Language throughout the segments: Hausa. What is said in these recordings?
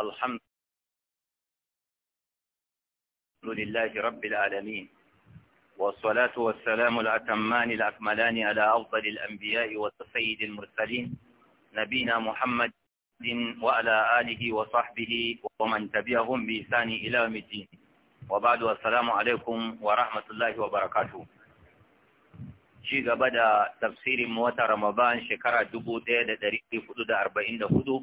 الحمد لله رب العالمين والصلاة والسلام الأتمان الأكملان على أفضل الأنبياء والسيد المرسلين نبينا محمد وعلى آله وصحبه ومن تبعهم بإحسان إلى يوم الدين وبعد السلام عليكم ورحمة الله وبركاته ci gaba da tafsirin wata Ramadan shekara hudu.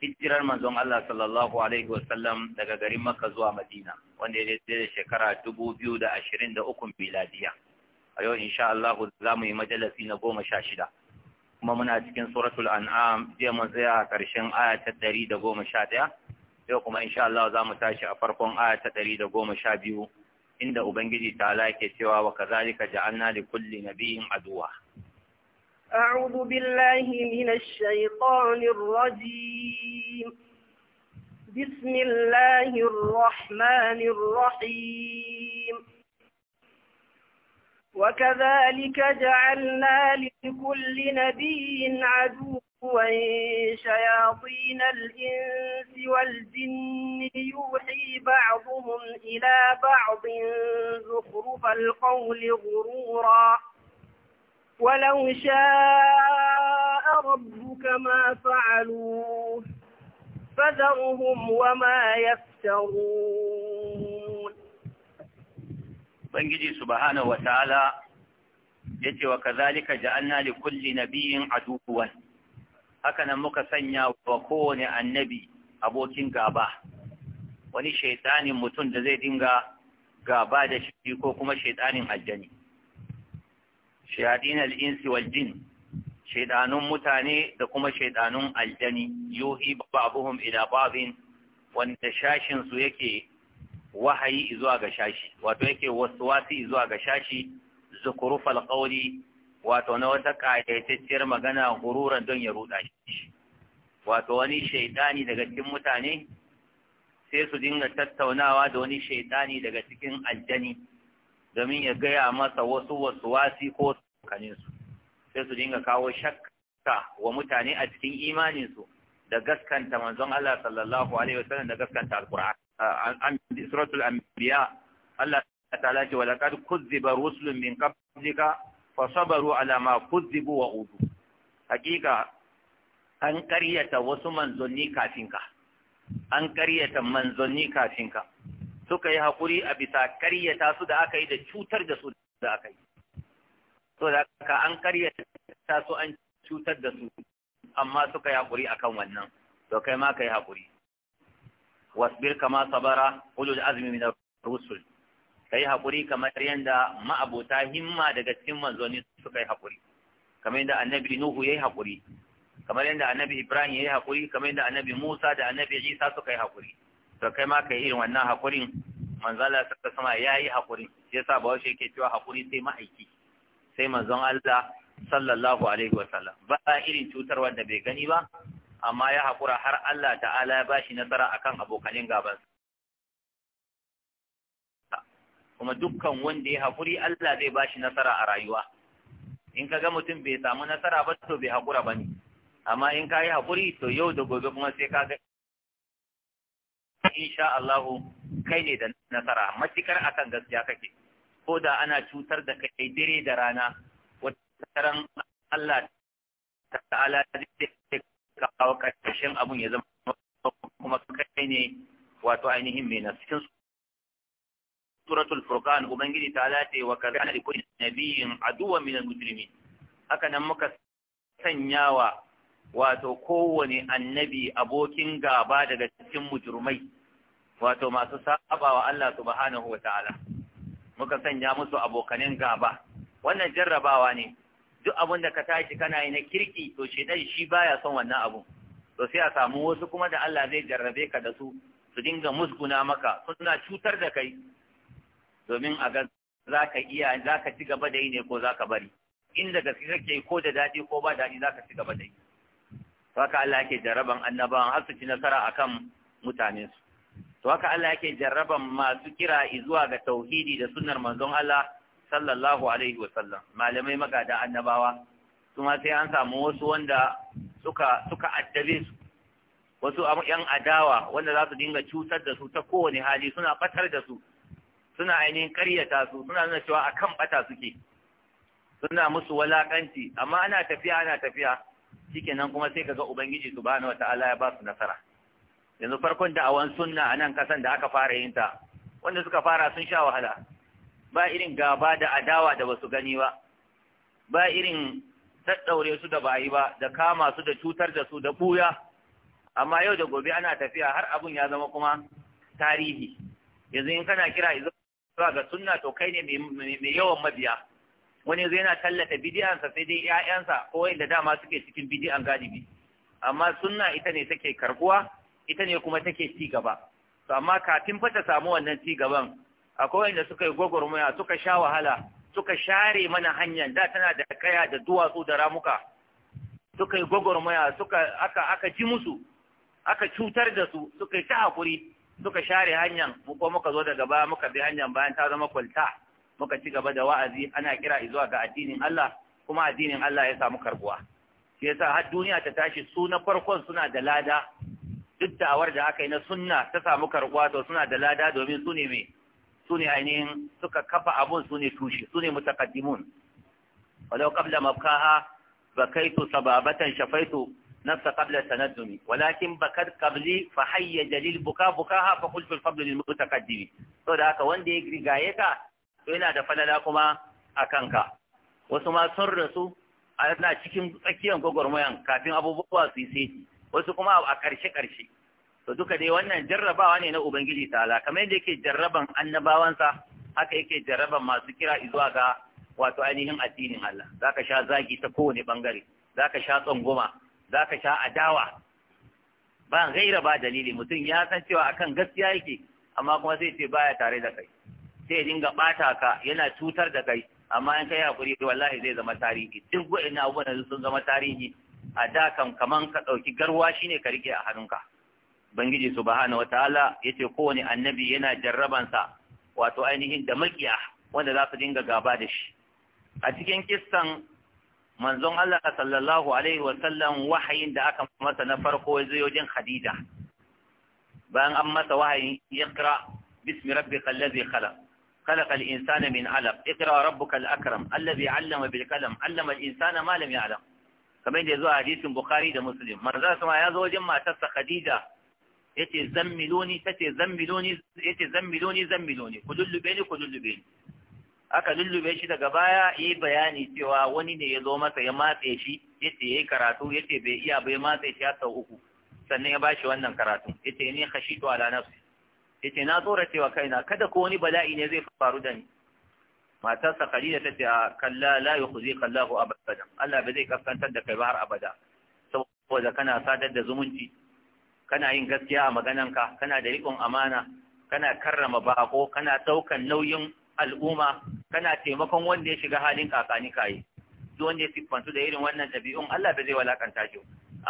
hijirar manzon Allah sallallahu alaihi wasallam daga garin Makka zuwa Madina wanda ya da shekara 2023 miladiya a yau insha Allah za mu yi majalisi na 16 kuma muna cikin suratul an'am jiya mun tsaya a ƙarshen aya ta 111 yau kuma insha Allah za mu tashi a farkon aya ta 112 inda ubangiji ta ke cewa wa kazalika ja'alna li kulli nabiyyin aduwa أعوذ بالله من الشيطان الرجيم بسم الله الرحمن الرحيم وكذلك جعلنا لكل نبي عدوا شياطين الإنس والجن يوحي بعضهم إلى بعض زخرف القول غرورا ولو شاء ربك ما فعلوه فذرهم وما يفترون بنجي سبحانه وتعالى yace wa kazalika ja'alna li kulli nabiyyin aduwan haka nan muka sanya wa kowane annabi abokin gaba wani shaytanin mutum da zai dinga gaba da shi ko kuma shaytanin aljani shayadin al'insi insi wal jin shaidanun mutane da kuma shaidanun aljani yuhi ba'dhum ila ba'dhin wanda shashinsu yake wahayi zuwa ga shashi wato yake waswasi zuwa ga shashi zukurufal qawli wato na wata kayatacciyar magana gururan don ya ruda shi wato wani shaidani daga cikin mutane sai su dinga tattaunawa da wani shaidani daga cikin aljani domin ya gaya masa wasu wasu wasi ko su, sai su dinga kawo shakka wa mutane a cikin imaninsu da gaskanta manzon Allah sallallahu alaihi wasallam da gaskanta alqur'an suratul anbiya Allah ta'ala ce walaqad kuzziba rusulun min qablika fasabaru ala ma kuzzibu wa udu hakika an karyata wasu manzonni kafinka an karyata manzonni kafinka suka yi haƙuri a bisa karyata su da aka yi da cutar da su da aka yi so da aka an karyata su an cutar da su amma suka yi haƙuri kan wannan to kai ma ka yi haƙuri wasbir kama sabara da azumi min rusul Ka yi haƙuri kamar yadda ma'abota himma daga cikin manzoni suka yi haƙuri kamar yadda annabi nuhu ya yi haƙuri kamar yadda annabi ibrahim ya yi haƙuri kamar yadda annabi musa da annabi isa suka yi haƙuri to kai ma ka yi irin wannan haƙurin manzala ta sama ya yi haƙurin ya sa ba washe ke cewa haƙuri sai ma'aiki sai manzon Allah sallallahu alaihi wa sallam ba irin cutar wanda bai gani ba amma ya haƙura har Allah ta'ala ya bashi nasara akan abokanin gabansa kuma dukkan wanda ya haƙuri Allah zai bashi nasara a rayuwa in ka ga mutum bai samu nasara ba to bai haƙura ba ne amma in ka yi haƙuri to yau da gobe kuma sai ka ga insha Allah kai ne da nasara matukar akan gaskiya kake ko da ana cutar da kai dare da rana wataran Allah ta'ala zai kawo ƙarshen abun ya zama kuma kai ne wato ainihin mai nasikin suratul furqan ubangiji ta ce wa kana na likulli nabiyyin aduwwan minal mujrimin haka nan muka sanyawa wato kowane annabi abokin gaba daga cikin mujurmai wato masu sabawa Allah subhanahu Ta'ala muka sanya musu abokanin gaba wannan jarrabawa ne duk abin da ka tashi kana yi na kirki to shedan shi baya son wannan abu to sai a samu wasu kuma da Allah zai jarrabe ka da su su dinga musguna maka suna cutar da kai domin a ga zaka iya zaka ci gaba da yi ne ko zaka bari inda gaske kake ko da dadi ko ba dadi zaka ci gaba da yi to haka Allah yake jarraban annabawan har su ci nasara akan mutane su to haka Allah yake jarraban masu kira zuwa ga tauhidi da sunnar manzon Allah sallallahu alaihi wasallam malamai magada annabawa kuma sai an samu wasu wanda suka suka addabe su wasu yan adawa wanda za su dinga cutar da su ta kowane hali suna batar da su suna ainihin karyata su suna nuna cewa akan bata suke suna musu walakanci amma ana tafiya ana tafiya nan kuma sai ka ga ubangiji subhanahu wataala ya ba su nasara yanzu farkon da da'awan sunna a nan kasan da aka fara yin ta wanda suka fara sun sha wahala ba irin gaba da adawa da basu gani ba ba irin tattaure su da bayi ba da kama su da cutar da su da buya amma yau da gobe ana tafiya har abun ya zama kuma tarihi yanzu in kana kira zuwa ga sunna to kai ne mai yawan mabiya wani yanzu yana tallata bidiyansa sai dai ƴaƴansa ko wanda dama suke cikin bidiyan galibi amma sunna ita ne take karbuwa ita ne kuma take ci gaba to amma kafin fa ta samu wannan ci gaban akwai wanda suka yi gwagwarmaya suka sha wahala suka share mana hanyar da tana da kaya da duwatsu da ramuka suka yi gwagwarmaya suka aka aka ji musu aka cutar da su suka yi ta hakuri suka share hanyar mu ko muka zo daga baya muka bi hanyar bayan ta zama kwalta muka ci gaba da wa'azi ana kira zuwa ga addinin Allah kuma addinin Allah ya samu karbuwa shi yasa har duniya ta tashi su na farkon suna da lada duk da'awar da aka yi na sunna ta samu karbuwa to suna da lada domin su ne me su ne ainihin suka kafa abun su ne tushe su ne mutaqaddimun walau qabla mabkaha bakaitu sababatan shafaitu نفس قبل التندم ولكن dalil قبلي فحي دليل بكاء بكاها فقلت الفضل للمتقدم to da haka wanda ya rigaye ka to yana da falala kuma a kanka wasu ma sun rasu ana cikin tsakiyar gwagwarmayan kafin abubuwa su yi seti wasu kuma a ƙarshe ƙarshe to duka dai wannan jarrabawa ne na ubangiji ta'ala kamar yadda yake jarraban annabawansa haka yake jarraban masu kira zuwa ga wato ainihin addinin Allah zaka sha zagi ta kowane bangare zaka sha tsangoma zaka sha adawa ba gaira ba dalili mutum ya san cewa akan gaskiya yake amma kuma sai ce baya tare da kai zai dinga bata ka yana cutar da kai amma in kai hakuri wallahi zai zama tarihi duk wa'annan abubuwan sun zama tarihi a da kan kaman ka dauki garwa shine ka rike a hannunka bangiji wa ta'ala yace kowane annabi yana jarraban sa wato ainihin da makiya wanda za su dinga gaba da shi a cikin kissan manzon Allah sallallahu alaihi sallam wahayin da aka masa na farko zo jin Khadija bayan an masa wahayin iqra bismi rabbikal ladzi khalaq خلق الإنسان من علق اقرأ ربك الأكرم الذي علم بالقلم علم الإنسان ما لم يعلم kamar da ya zo hadisin Bukhari da Muslim manzo sama ya zo wajen matarsa Khadija yace zammiloni tace zammiloni yace zammiloni zammiloni ku lullube ni ku lullube ni aka lullube shi daga baya yi bayani cewa wani ne ya zo masa ya matse shi yace yayi karatu yace bai iya bai matse shi har sau uku sannan ya bashi wannan karatu yace ni khashitu ala nafsi yace na tsoracewa kaina kada ko wani bala'i ne zai faru da ni matarsa Khadija ta ce ah, kalla la kalla ku abada Allah ba zai kaskantar da kai ba har abada saboda kana sadar da zumunci kana yin gaskiya a magananka kana da riƙon amana kana karrama bako kana ɗaukan nauyin al'umma kana taimakon wanda ya shiga halin kakani kai duk wanda ya siffantu da irin wannan dabi'un Allah ba zai walakanta shi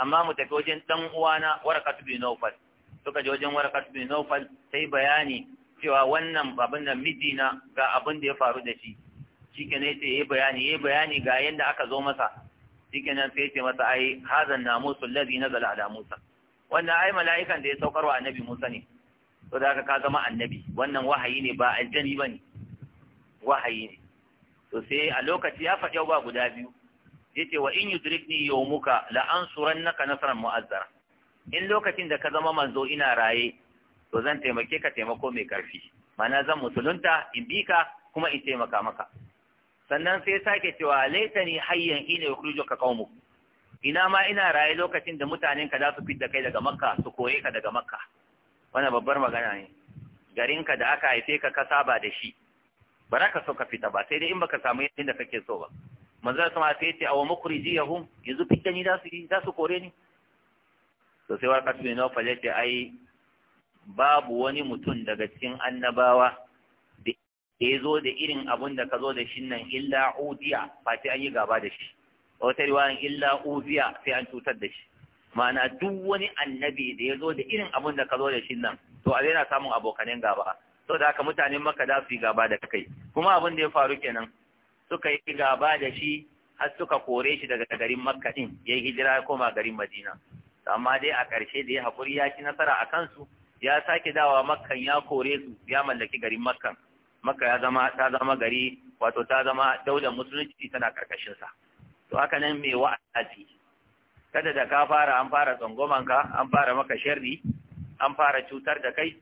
amma mu tafi wajen dan uwana warakatu bin Nawfal suka je wajen warakat bin naufal sai bayani cewa wannan abin da mijina ga abin da ya faru da shi shike ne sai ya bayani ya bayani ga yadda aka zo masa shike nan sai ce masa ai hazan namusu allazi nazala ala musa wannan ai mala'ikan da ya saukar wa annabi musa ne to da ka zama annabi wannan wahayi ne ba aljani bane wahayi ne to sai a lokaci ya faɗi ba guda biyu yace wa in yudrikni yawmuka la ansurannaka nasran mu'azzara in lokacin da ka zama manzo ina raye to zan taimake ka taimako mai karfi mana zan musulunta in bi ka kuma in taimaka maka sannan sai sake cewa laitani hayyan ina ka qaumuk ina ma ina raye lokacin da mutanen ka za su fita kai daga makka su koye ka daga makka wannan babbar magana ne garin ka da aka haife ka ka saba da shi ba ka so ka fita ba sai dai in baka samu yadda kake so ba manzo sama sai ya ce awu mukhrijiyahum yanzu fidda ni su za su kore ni to sai warqatu bin nawfal yace ai babu wani mutum daga cikin annabawa da ya zo da irin abun da ka zo da shi nan illa udiya ba sai an yi gaba da shi wata riwayan illa udiya sai an cutar da shi ma'ana duk wani annabi da ya zo da irin abun da ka zo da shi nan to a yana samun abokanen gaba to da haka mutanen maka za su yi gaba da kai kuma abin da ya faru kenan suka yi gaba da shi har suka kore shi daga garin makka din ya yi hijira ya koma garin madina amma dai a ƙarshe da ya haƙuri ya ci nasara a kansu ya sake dawa makkan ya kore su ya mallaki garin makkan makka ya zama ta zama gari wato ta zama daular musulunci tana karkashin sa to haka nan me wa'azi kada da ka fara an fara tsangoman ka an fara maka sharri an fara cutar da kai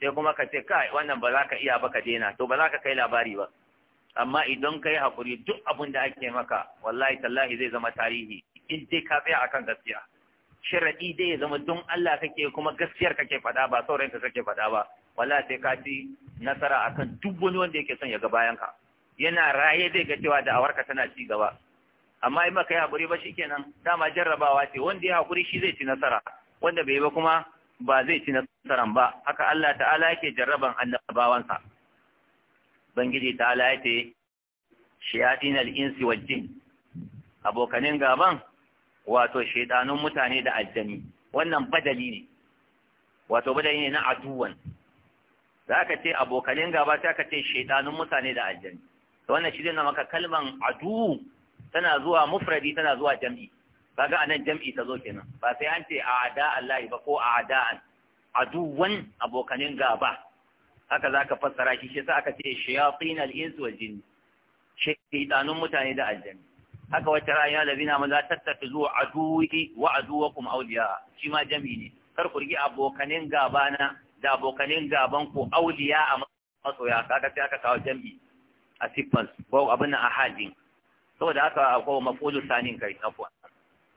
sai kuma ka ce kai wannan ba za ka iya ba ka daina to ba za ka kai labari ba amma idan kai hakuri duk abin da ake maka wallahi tallahi zai zama tarihi in dai ka tsaya akan gaskiya sharaɗi dai ya zama don Allah kake kuma gaskiyar kake faɗa ba sauran ka kake faɗa ba wala sai ka ci nasara akan duk wani wanda yake son yaga ga bayan ka yana raye zai ga cewa da ka tana ci gaba amma in baka yi hakuri ba shikenan dama jarrabawa ce wanda ya hakuri shi zai ci nasara wanda bai ba kuma ba zai ci nasaran ba haka Allah ta'ala yake jarraban annabawansa bangiji ta'ala yake shayatin al-insi wal jin abokanin gaban wato shaidanun mutane da aljani wannan badali ne wato badali ne na aduwan Za ka ce abokanin gaba sai ka ce shaidanun mutane da aljani wannan shi zai na maka kalman adu tana zuwa mufradi tana zuwa jam'i kaga anan jam'i ta zo kenan ba sai an ce a'ada Allah ba ko a aduwan abokanin gaba haka zaka fassara shi sai aka ce shayatin al-ins wal jinn shaidanun mutane da aljani haka wata ra'ayin alladhina ma la tattakhidhu aduwi wa aduwakum auliya shi ma jam'i ne kar ku rigi abokanin gabana da abokanin gaban ku auliya a masoya kaga sai aka kawo jam'i a siffan ko abin a halin saboda aka kawo mafulu sanin kai afwan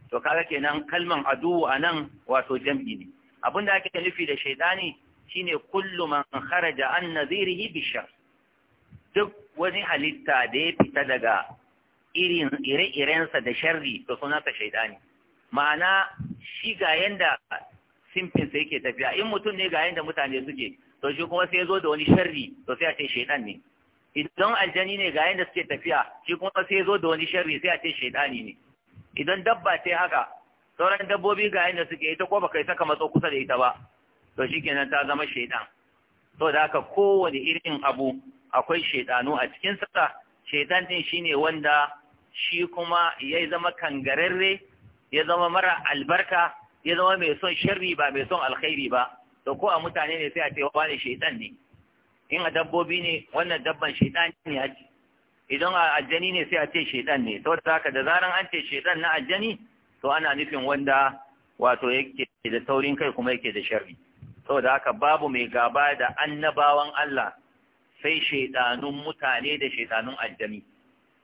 to kaga kenan kalman a nan? wato jam'i ne abinda ake nufi da shaidani shine kullu man kharaja an nadhirihi bishar duk wani halitta da ya fita daga irin ire-irensa da sharri to sunansa shaidani ma'ana shi ga yanda simfinsa yake tafiya in mutum ne ga yanda mutane suke to shi kuma sai ya zo da wani sharri to sai a ce shaidan ne idan aljani ne ga yanda suke tafiya shi kuma sai ya zo da wani sharri sai a ce shaidani ne idan dabba ce haka sauran dabbobi ga yanda suke ita ko baka saka matso kusa da ita ba to shi kenan ta zama shaidan to da haka kowane irin abu akwai shaidanu a cikin sa shaidan ɗin shine wanda shi kuma ya zama kangararre ya zama mara albarka ya zama mai son sharri ba mai son alkhairi ba to ko a mutane ne sai a ce wani shaitan ne in a dabbobi ne wannan dabban shaitan ne a ce idan a aljani ne sai a ce shaitan ne to da haka da zaran an ce shaitan na aljani to ana nufin wanda wato yake da taurin kai kuma yake da sharri da haka babu mai gaba da annabawan Allah sai shaitanun mutane da shaitanun aljami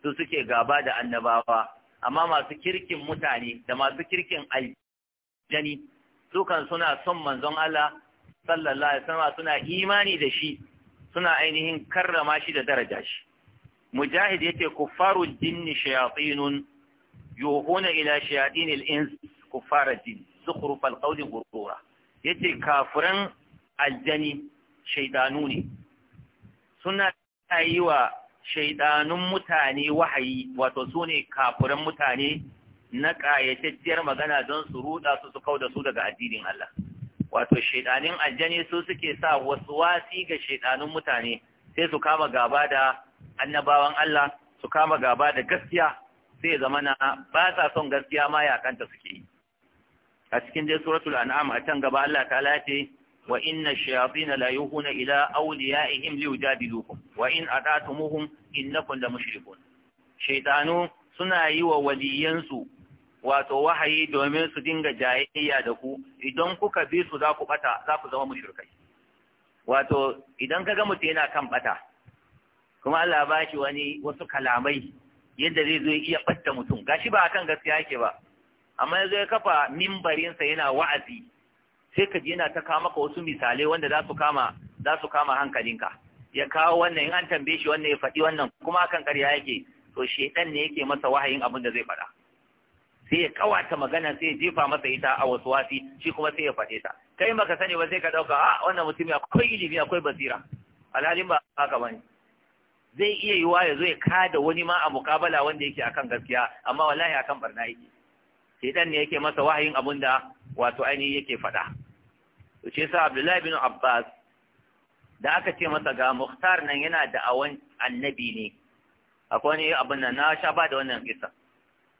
su suke gaba da annabawa amma masu kirkin mutane da masu kirkin aljani sukan suna son manzon Allah sallallahu alaihi wasallam suna imani da shi suna ainihin karrama shi da daraja shi mujahid yake kuffaru jinni shayatinun yuhuna ila shayatinil ins kuffara jin zukhruf alqawli ghurura yace kafiran aljani shaydanu ne suna yi wa shaidanun mutane wahayi wato su ne kafuran mutane na ƙayatacciyar magana don su ruɗa su su kau da su daga addinin Allah wato shaidanin aljani su suke sa wasu wasi ga shaidanun mutane sai su kama gaba da annabawan Allah su kama gaba da gaskiya sai zama ba sa son gaskiya ma yakanta suke yi a cikin dai suratul an'am a can gaba Allah ta lace wa inna shayatin la yuhuna ila awliyaihim liyujadilukum wa in atatumuhum innakum la mushrikun shaytanu suna yi wa waliyansu wato wahayi domin su dinga jayayya da ku idan kuka bi su za ku bata za ku zama mushrikai wato idan kaga mutum yana kan bata kuma Allah ba shi wani wasu kalamai yadda zai zo iya batta mutum gashi ba akan gaskiya yake ba amma yanzu ya kafa mimbarinsa yana wa'azi sai ka ji yana ta kama ka wasu misalai wanda za su kama za su kama hankalinka ya kawo wannan in an tambaye shi wannan ya faɗi wannan kuma akan ƙarya yake to shedan ne yake masa wahayin abin da zai faɗa sai ya kawata magana sai ya jefa masa ita a wasu wasi shi kuma sai ya faɗe ta kai baka sani ba sai ka ɗauka a ah, wannan mutum akwai ilimi akwai basira alhalin ba haka bane zai iya yiwa ya zo ya kada wani ma a mukabala wanda yake akan gaskiya amma wallahi akan barna yake shedan ne yake masa wahayin abin da wato ainihin yake faɗa to sa Abdullahi bin Abbas da aka ce masa ga Muhtar nan yana da awan annabi ne akwai wani abin nan na sha ba da wannan kisa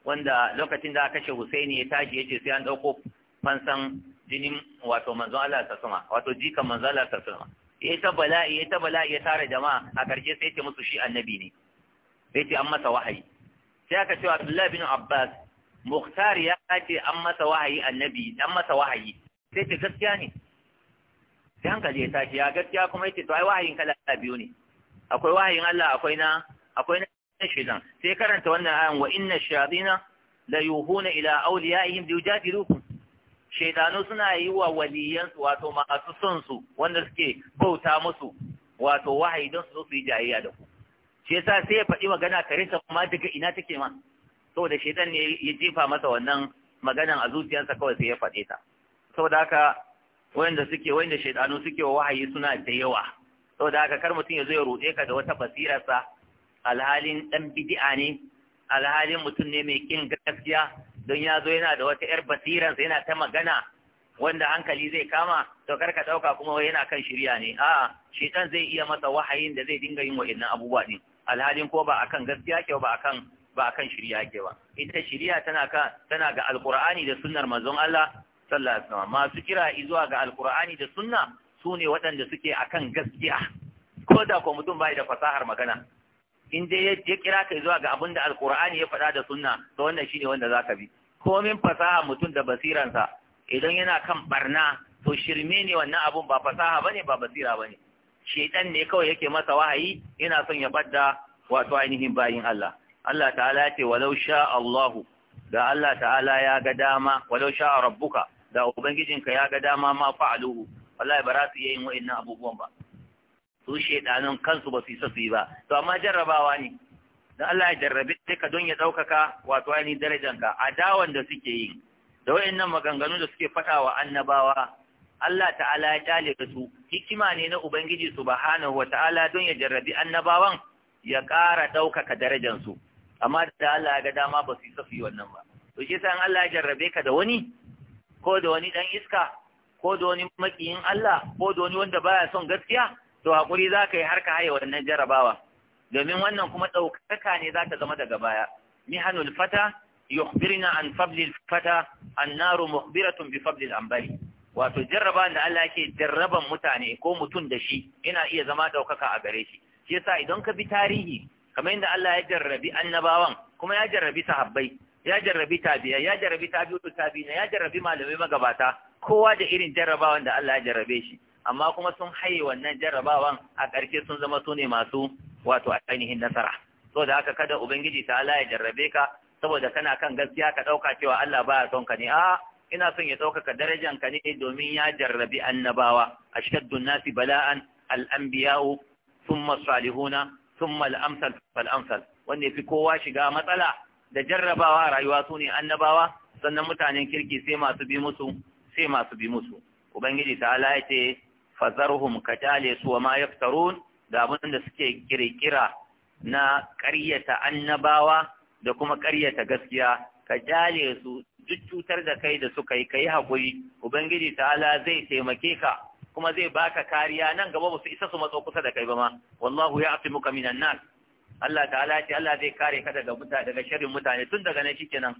wanda lokacin da aka kashe Husaini ya tashi yace sai an dauko fansan jinin wato manzo Allah ta sama wato jikan manzo Allah ta sama yayi ta bala'i yayi ta bala'i ya tare jama'a a karshe sai ce musu shi annabi ne sai ce an masa wahayi sai aka ce Abdullah bin Abbas Muhtar ya ce an masa wahayi annabi an masa wahayi sai ce gaskiya ne sai hankali ya tashi ya gaskiya kuma yake to ai wahayin kala biyu ne akwai wahayin Allah akwai na akwai na shaitan sai karanta wannan ayan wa inna shayatina la yuhuna ila awliyaihim liyujadilukum shaytanu suna yi wa su wato masu son su wanda suke bauta musu wato wahayi don su zo su yi jayayya da ku shi yasa sai ya faɗi magana kare sa kuma daga ina take ma saboda shaitan ne ya jefa masa wannan maganan a zuciyarsa kawai sai ya faɗe ta saboda haka wanda suke wanda shaidanu suke wa wahayi suna da yawa saboda haka kar mutum ya zo ya ruɗe ka da wata basirarsa alhalin ɗan bid'a ne alhalin mutum ne mai kin gaskiya don ya zo yana da wata yar basirarsa yana ta magana wanda hankali zai kama to kar ka ɗauka kuma wai yana kan shirya ne a'a shaitan zai iya masa wahayin da zai dinga yin wa'annan abubuwa ne. alhalin ko ba akan gaskiya ke ba akan ba akan shirya ke ba ita shirya tana ka tana ga alqur'ani da sunnar manzon Allah sallallahu alaihi wasallam masu kira izuwa ga alqur'ani da sunna sune waɗanda suke akan gaskiya ko da ko mutum bai da fasahar magana in dai ya kira ka zuwa ga abin da alqur'ani ya faɗa da sunna to wannan shine wanda zaka bi komin fasaha mutum da basiransa idan yana kan barna to shirme ne wannan abun ba fasaha bane ba basira bane shedan ne kawai yake masa wahayi yana son ya badda wato ainihin bayin Allah Allah ta'ala ya ce walau sha Allahu da Allah ta'ala ya ga dama walau sha rabbuka da ubangijinka ya ga dama ma fa'aluhu wallahi ba za su iya yin wa'annan abubuwan ba su shedanun kansu ba su yi su yi ba to amma jarrabawa ne dan Allah ya jarrabe duka don ya ɗaukaka wato ainihin darajanka adawan da suke yi da wa'annan maganganu da suke faɗa wa annabawa Allah ta'ala ya da su hikima ne na ubangiji subhanahu ta'ala don ya jarrabi annabawan ya ƙara ɗaukaka darajansu amma da Allah ya ga dama ba su isa su yi wannan ba to shi yasa Allah ya jarrabe ka da wani ko da wani dan iska ko da wani makiyin Allah ko da wani wanda baya son gaskiya to hakuri za ka yi har ka haye wannan jarabawa domin wannan kuma ɗaukaka ne za ta zama daga baya mihanul fata yukhbirna an fablil fata annaru mukhbiratun bi fablil anbari wato jarraba da Allah yake jarraban mutane ko mutum da shi yana iya zama ɗaukaka a gare shi shi yasa idan ka bi tarihi kamar yadda Allah ya jarrabi annabawan kuma ya jarrabi sahabbai ya jarrabi tabiya ya jarrabi tabi'u tabi'ina ya jarrabi malamai magabata kowa da irin jarrabawan da Allah ya jarrabe shi amma kuma sun haye wannan jarrabawan a ƙarshe sun zama sune masu wato a ainihin nasara so da haka kada ubangiji ta Allah ya jarrabe ka saboda kana kan gaskiya ka ɗauka cewa Allah baya son ka ne a ina son ya ɗaukaka darajan ka ne domin ya jarrabi annabawa ashaddu nasi bala'an al-anbiya'u thumma salihuna thumma al-amsal fal-amsal wanda yafi kowa shiga matsala da jarrabawa rayuwa su ne annabawa sannan mutanen kirki sai masu bi musu sai masu bi musu ubangiji ta ala ya ce fazarhum ka tale su wa ma yaftarun da abin da suke kirkira na ƙaryata annabawa da kuma ƙaryata gaskiya ka jale su duk cutar da kai da suka yi kai hakuri ubangiji ta ala zai taimake ka kuma zai baka kariya nan gaba ba su isa su matso kusa da kai ba ma wallahu ya afi muka minan nas Allah ta'ala ce Allah zai kare ka daga mutane daga sharrin mutane tun daga nan shikenan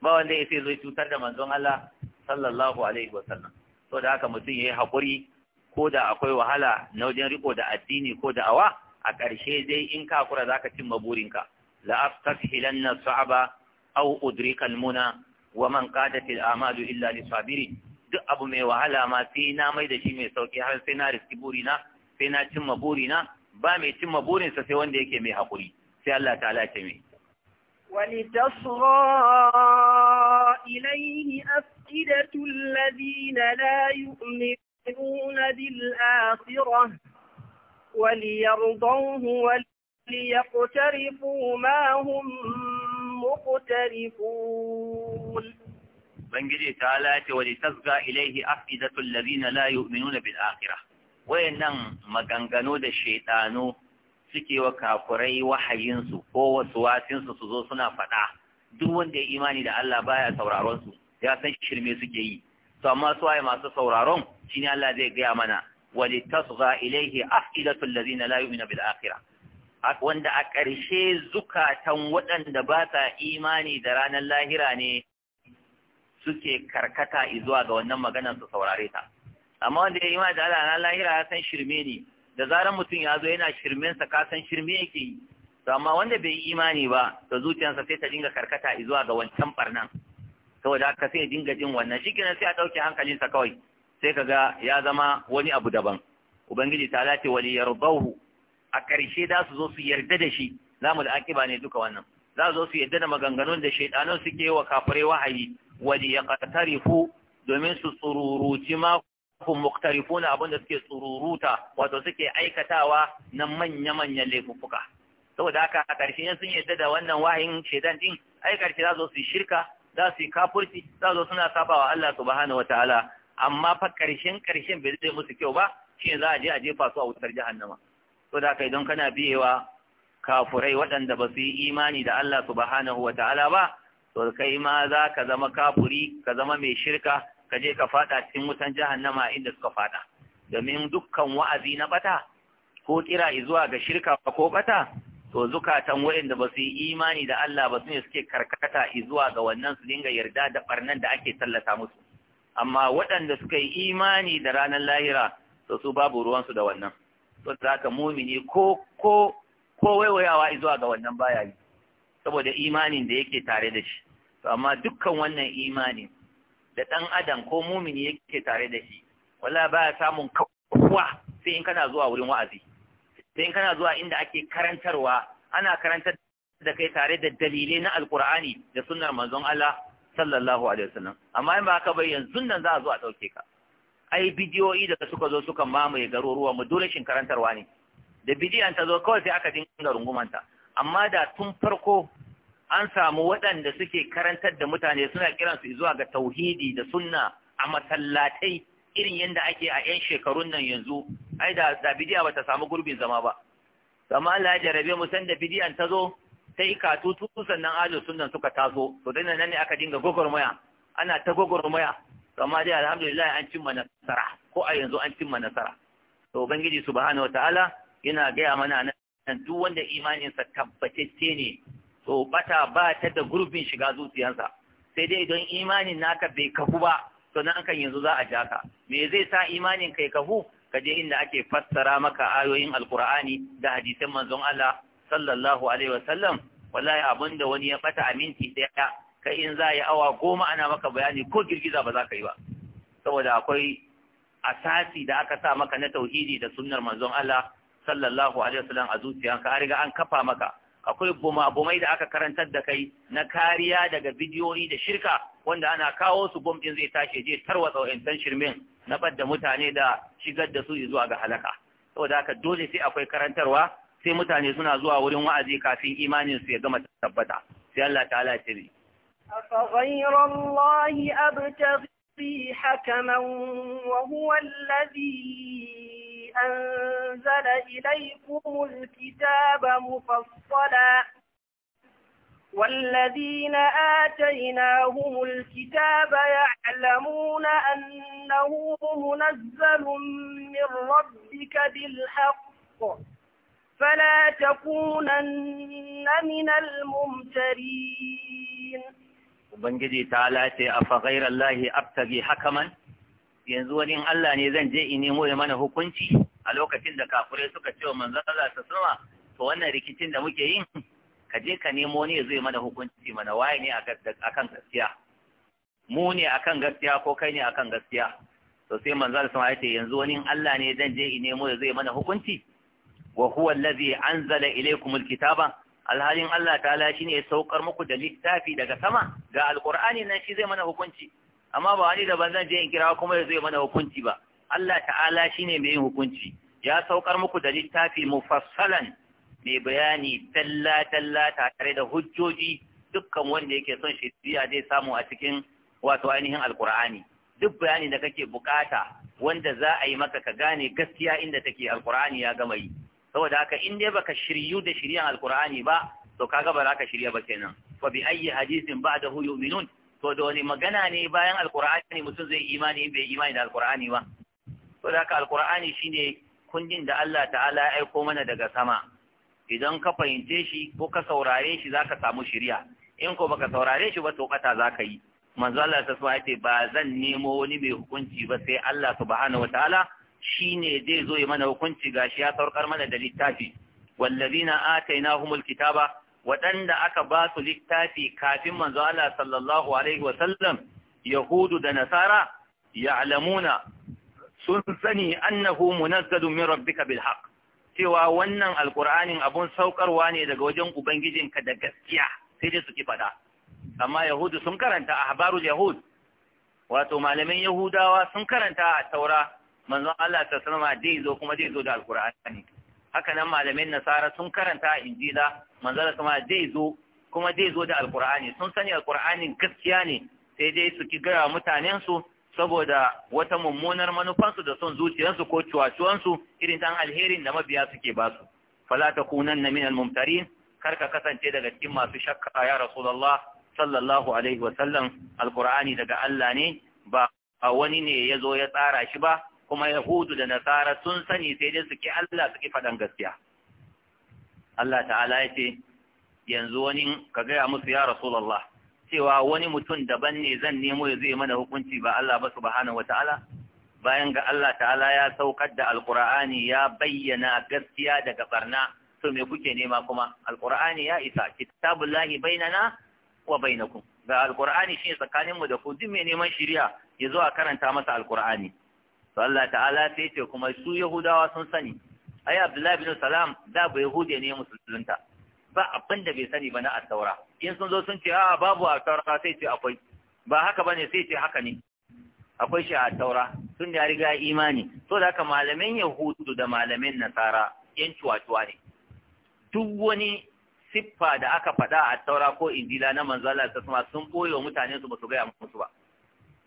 ba wanda ya zai cutar da manzon Allah sallallahu alaihi wasallam to da haka mutum yayi hakuri ko da akwai wahala na wajen riko da addini ko da awa a ƙarshe dai in ka kura zaka cimma burinka la aftahilanna sa'aba aw udrika almuna wa man qadat al'amalu illa lisabirin duk abu mai wahala ma sai na mai da shi mai sauki har sai na riski burina sai na cimma burina ba mai cimma burinsa sai wanda yake mai haƙuri sai Allah ta'ala ce mai ولتصغى إليه أفئدة الذين لا يؤمنون بالآخرة وليرضوه وليقترفوا ما هم مقترفون بنجد تعالى ولتصغى إليه أفئدة الذين لا يؤمنون بالآخرة wayannan maganganu da shaidanu suke wa kafurai wahayinsu ko wasu wasinsu su zo suna faɗa duk wanda ya imani da Allah baya sauraron su ya san shirme suke yi to amma su waye masu sauraron shine Allah zai gaya mana walitasgha ilayhi afidatul ladina la yu'minu bil akhirah wanda a ƙarshe zukatan waɗanda ba sa imani da ranar lahira ne suke karkata zuwa ga wannan maganar su saurare ta amma wanda ya yi ma da Allah lahira ya san shirme ne da zarar mutum ya zo yana shirmensa ka san shirme yake yi to amma wanda bai yi imani ba to zuciyarsa sai ta dinga karkata zuwa ga wancan barnan saboda haka sai ya dinga jin wannan shikenan sai a dauke hankalinsa kawai sai kaga ya zama wani abu daban ubangiji ta lati wali yardahu a ƙarshe za su zo su yarda da shi za da akiba ne duka wannan za su zo su yarda da maganganun da shaidanun suke wa kafirai wahayi wali ya domin su tsururuci ma hum muqtarifuna da suke tsururuta wato suke aikatawa na manya-manyan laifuffuka saboda haka a ƙarshe sun yadda da wannan wahayin shaidan din ai ƙarshe za su yi shirka za su yi kafurci za su suna saba Allah subhanahu wataala amma fa ƙarshen ƙarshen bai zai musu kyau ba shi za a je a jefa su a wutar jahannama saboda haka idan kana biyewa kafurai waɗanda ba su yi imani da Allah subhanahu wataala ba to kai ma za ka zama kafuri ka zama mai shirka ka je ka fada cikin wutan jahannama inda suka fada domin dukkan wa'azi na bata ko kira zuwa ga shirka ko bata to zukatan waɗanda ba su yi imani da Allah ba su ne suke karkata zuwa ga wannan su dinga yarda da barnan da ake tallata musu amma waɗanda suka yi imani da ranar lahira to su babu ruwansu da wannan to za ka mumini ko ko ko waiwayawa zuwa ga wannan baya saboda imanin da yake tare da shi to amma dukkan wannan imanin da ɗan adam ko mumini yake tare da shi wala ba ya samun kuwa sai in kana zuwa wurin wa'azi sai in kana zuwa inda ake karantarwa ana karantar da kai tare da dalilai na alkur'ani da sunnar manzon Allah sallallahu alaihi wasallam amma in ba ka bai yanzu nan za a zo a dauke ka ai bidiyoyi da suka zo suka mamaye garuruwa mu dole shin karantarwa ne da bidiyan ta zo kawai sai aka dinga rungumanta amma da tun farko an samu waɗanda suke karantar da mutane suna kiransu zuwa ga tauhidi da sunna a masallatai irin yadda ake a 'yan shekarun nan yanzu ai da da bidiya bata samu gurbin zama ba amma Allah ya jarabe mu san da bidiyan ta zo sai katutu sannan ahlus sunnan suka taso to dan nan ne aka dinga gogormaya ana ta gogormaya amma dai alhamdulillah an cimma nasara ko a yanzu an cimma nasara to ubangiji subhanahu wataala yana gaya mana nan duk wanda imaninsa tabbatacce ne to bata ba ta da gurbin shiga zuciyansa sai dai don imanin naka bai kahu ba to nan kan yanzu za a ja ka me zai sa imanin kai kahu? ka je inda ake fassara maka ayoyin alkur'ani da hadisan manzon Allah sallallahu alaihi wasallam wallahi abinda wani ya fata aminci daya kai in za yi awa goma ana maka bayani ko girgiza ba za ka yi ba saboda akwai asasi da aka sa maka na tauhidi da sunnar manzon Allah sallallahu alaihi wasallam a zuciyanka an riga an kafa maka akwai bumabumai da aka karantar da kai na kariya daga bidiyoyi da shirka wanda ana kawo su bom din zai tashi je tarwatsa wa'ancan shirmin na badda mutane da shigar da su zuwa ga halaka saboda haka dole sai akwai karantarwa sai mutane suna zuwa wurin wa'azi kafin imanin su ya gama tabbata sai Allah ta'ala ya tsiri أفغير الله أبتغي حكما وهو الذي أنزل إليكم الكتاب مفصلا والذين آتيناهم الكتاب يعلمون أنه منزل من ربك بالحق فلا تكونن من الممترين وبنجدي تعالى أفغير الله أبتغي حكما yanzu wani Allah ne zan je in nemo ya mana hukunci a lokacin da kafurai suka ce wa manzon Allah ta sama to wannan rikicin da muke yin ka je ka nemo ne zai mana hukunci mana waye ne akan gaskiya mu ne akan gaskiya ko kai ne akan gaskiya to sai manzon Allah ya ce yanzu wani Allah ne zan je in nemo ya zai mana hukunci wa huwa allazi anzala ilaykumul kitaba alhalin Allah ta'ala shine ya saukar muku da littafi daga sama ga alqur'ani nan shi zai mana hukunci amma ba wani daban zan je in kira kuma ya zo mana hukunci ba Allah ta'ala shine mai yin hukunci ya saukar muku da littafi mufassalan mai bayani talla talla tare da hujjoji dukkan wanda yake son shiriya zai samu a cikin wato ainihin alkur'ani duk bayani da kake bukata wanda za a yi maka ka gane gaskiya inda take alkur'ani ya gama yi saboda haka in dai baka shiryu da shiryan alkur'ani ba to kaga ba za ka shirya ba kenan fa bi ayyi hadisin ba'dahu yu'minun to da magana ne bayan alkur'ani mutum zai imani in bai imani da alkur'ani ba to da haka alkur'ani shine kundin da Allah ta'ala ya aiko mana daga sama idan ka fahimce shi ko ka saurare shi zaka samu shiriya in ko baka saurare shi ba to kata zaka yi manzo Allah ta so yace ba zan nemo wani mai hukunci ba sai Allah subhanahu wataala shine zai zo ya mana hukunci gashi ya saukar mana da littafi wallazina atainahumul kitaba waɗanda aka ba su littafi kafin manzo Allah sallallahu alaihi wasallam yahudu da nasara ya'lamuna sun sani annahu munazzalun min rabbika bil haqq cewa wannan alqur'anin abun saukarwa ne daga wajen ubangijinka da gaskiya sai dai su ki fada amma yahudu sun karanta ahbarul yahud wato malamin yahudawa sun karanta a taura manzon Allah ta sanama dai zo kuma dai zo da alqur'ani haka nan malamin nasara sun karanta injila Manzara kuma zai zo kuma zai zo da alkur'ani sun sani alkur'anin gaskiya ne sai dai su ki gaya mutanensu saboda wata mummunar manufansu da son zuciyarsu ko cuwacuwansu irin tan alherin da mabiya suke ba su fala na min almumtarin kar ka kasance daga cikin masu shakka ya rasulullah sallallahu alaihi wa sallam alqur'ani daga Allah ne ba a wani ne ya zo ya tsara shi ba kuma yahudu da nasara sun sani sai dai suke Allah suke fadan gaskiya Allah ta'ala ya ce yanzu wani ka gaya musu ya rasulallah. cewa wani mutum daban ne zan nemo ya zai mana hukunci ba Allah ba subhanahu wata'ala bayan ga Allah ta'ala ya saukar da alqur'ani ya bayyana gaskiya daga barna to me kuke nema kuma alqur'ani ya isa kitabullahi bainana wa bainakum ga alqur'ani shine tsakanin mu da ku duk mai neman shiriya ya zo a karanta masa alqur'ani to Allah ta'ala sai ce kuma su yahudawa sun sani ai abdullahi bin salam da bai yahudiya ne musulunta ba abin bai sani ba na asaura in sun zo sun ce a ah, babu asaura sai ce akwai ba haka ba ne sai ce haka ne akwai shi a taura tun da ya riga imani so da haka malamin yahudu da malamin nasara yan cuwa-cuwa ne duk wani siffa da aka faɗa a taura ko injila na manzala ta sun ɓoye wa mutane su ba su gaya musu ba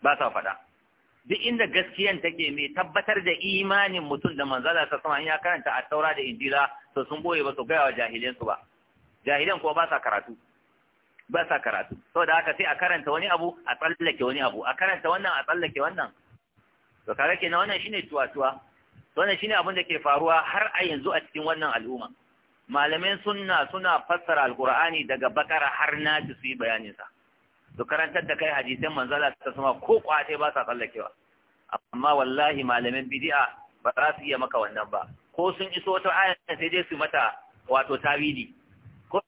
ba sa faɗa duk inda gaskiyan take mai tabbatar da imanin mutum da manzala ta sama ya karanta a taura da injila to sun boye ba su gaya wa jahilin su ba jahilan kuwa ba sa karatu ba sa karatu saboda haka sai a karanta wani abu a tsallake wani abu a karanta wannan a tsallake wannan to kare na wannan shine tuwa-tuwa wannan shine abin da ke faruwa har a yanzu a cikin wannan al'umma malamin sunna suna fassara alqur'ani daga bakara har na su yi bayanin sa su karantar da kai hadisin manzala ta sama ko kwate ba sa tsallakewa amma wallahi malamin bidi'a ba za su iya maka wannan ba ko sun iso wata aya sai dai su mata wato tawili ko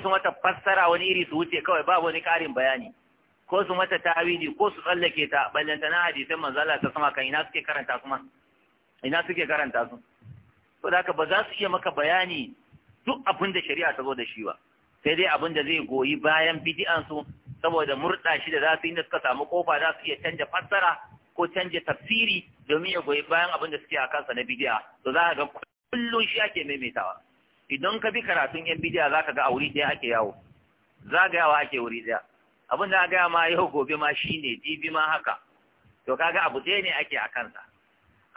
su mata fassara wani iri su wuce kawai ba wani karin bayani ko su mata tawili ko su tsallake ta ballanta na hadisin Manzala ta sama kan ina suke karanta kuma ina suke karanta su to da ba za su iya maka bayani duk abin da shari'a ta zo da shi ba sai dai abin da zai goyi bayan bidi'an su saboda murɗa shi da za su yi da suka samu kofa za su iya canja fassara ko canja tafsiri domin ya goyi bayan abin da suke a kansa na bidiya to za ka ga kullum shi ake maimaitawa idan ka bi karatun yan bidiya za ka ga a wuri ɗaya ake yawo zagayawa ake wuri ɗaya abin da gaya ma yau gobe ma shine ne jibi ma haka to kaga abu ɗaya ne ake a kansa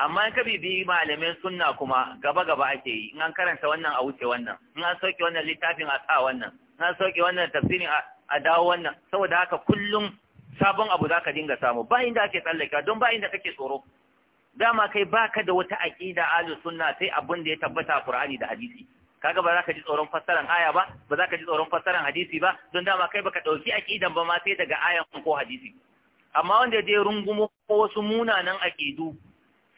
amma in ka bibi malamin sunna kuma gaba gaba ake yi in an karanta wannan a wuce wannan in an sauke wannan littafin a sa wannan in an sauke wannan tafsirin a dawo wannan saboda haka kullum sabon abu za ka dinga samu ba inda ake tsallaka don ba inda kake tsoro dama kai baka da wata aqida alu sunna sai abin da ya tabbata a Qur'ani da hadisi kaga ba za ka ji tsoron fassaran aya ba ba za ka ji tsoron fassaran hadisi ba don dama kai baka dauki aqidan ba ma sai daga ayan ko hadisi amma wanda ya je rungumo ko wasu munanan aqidu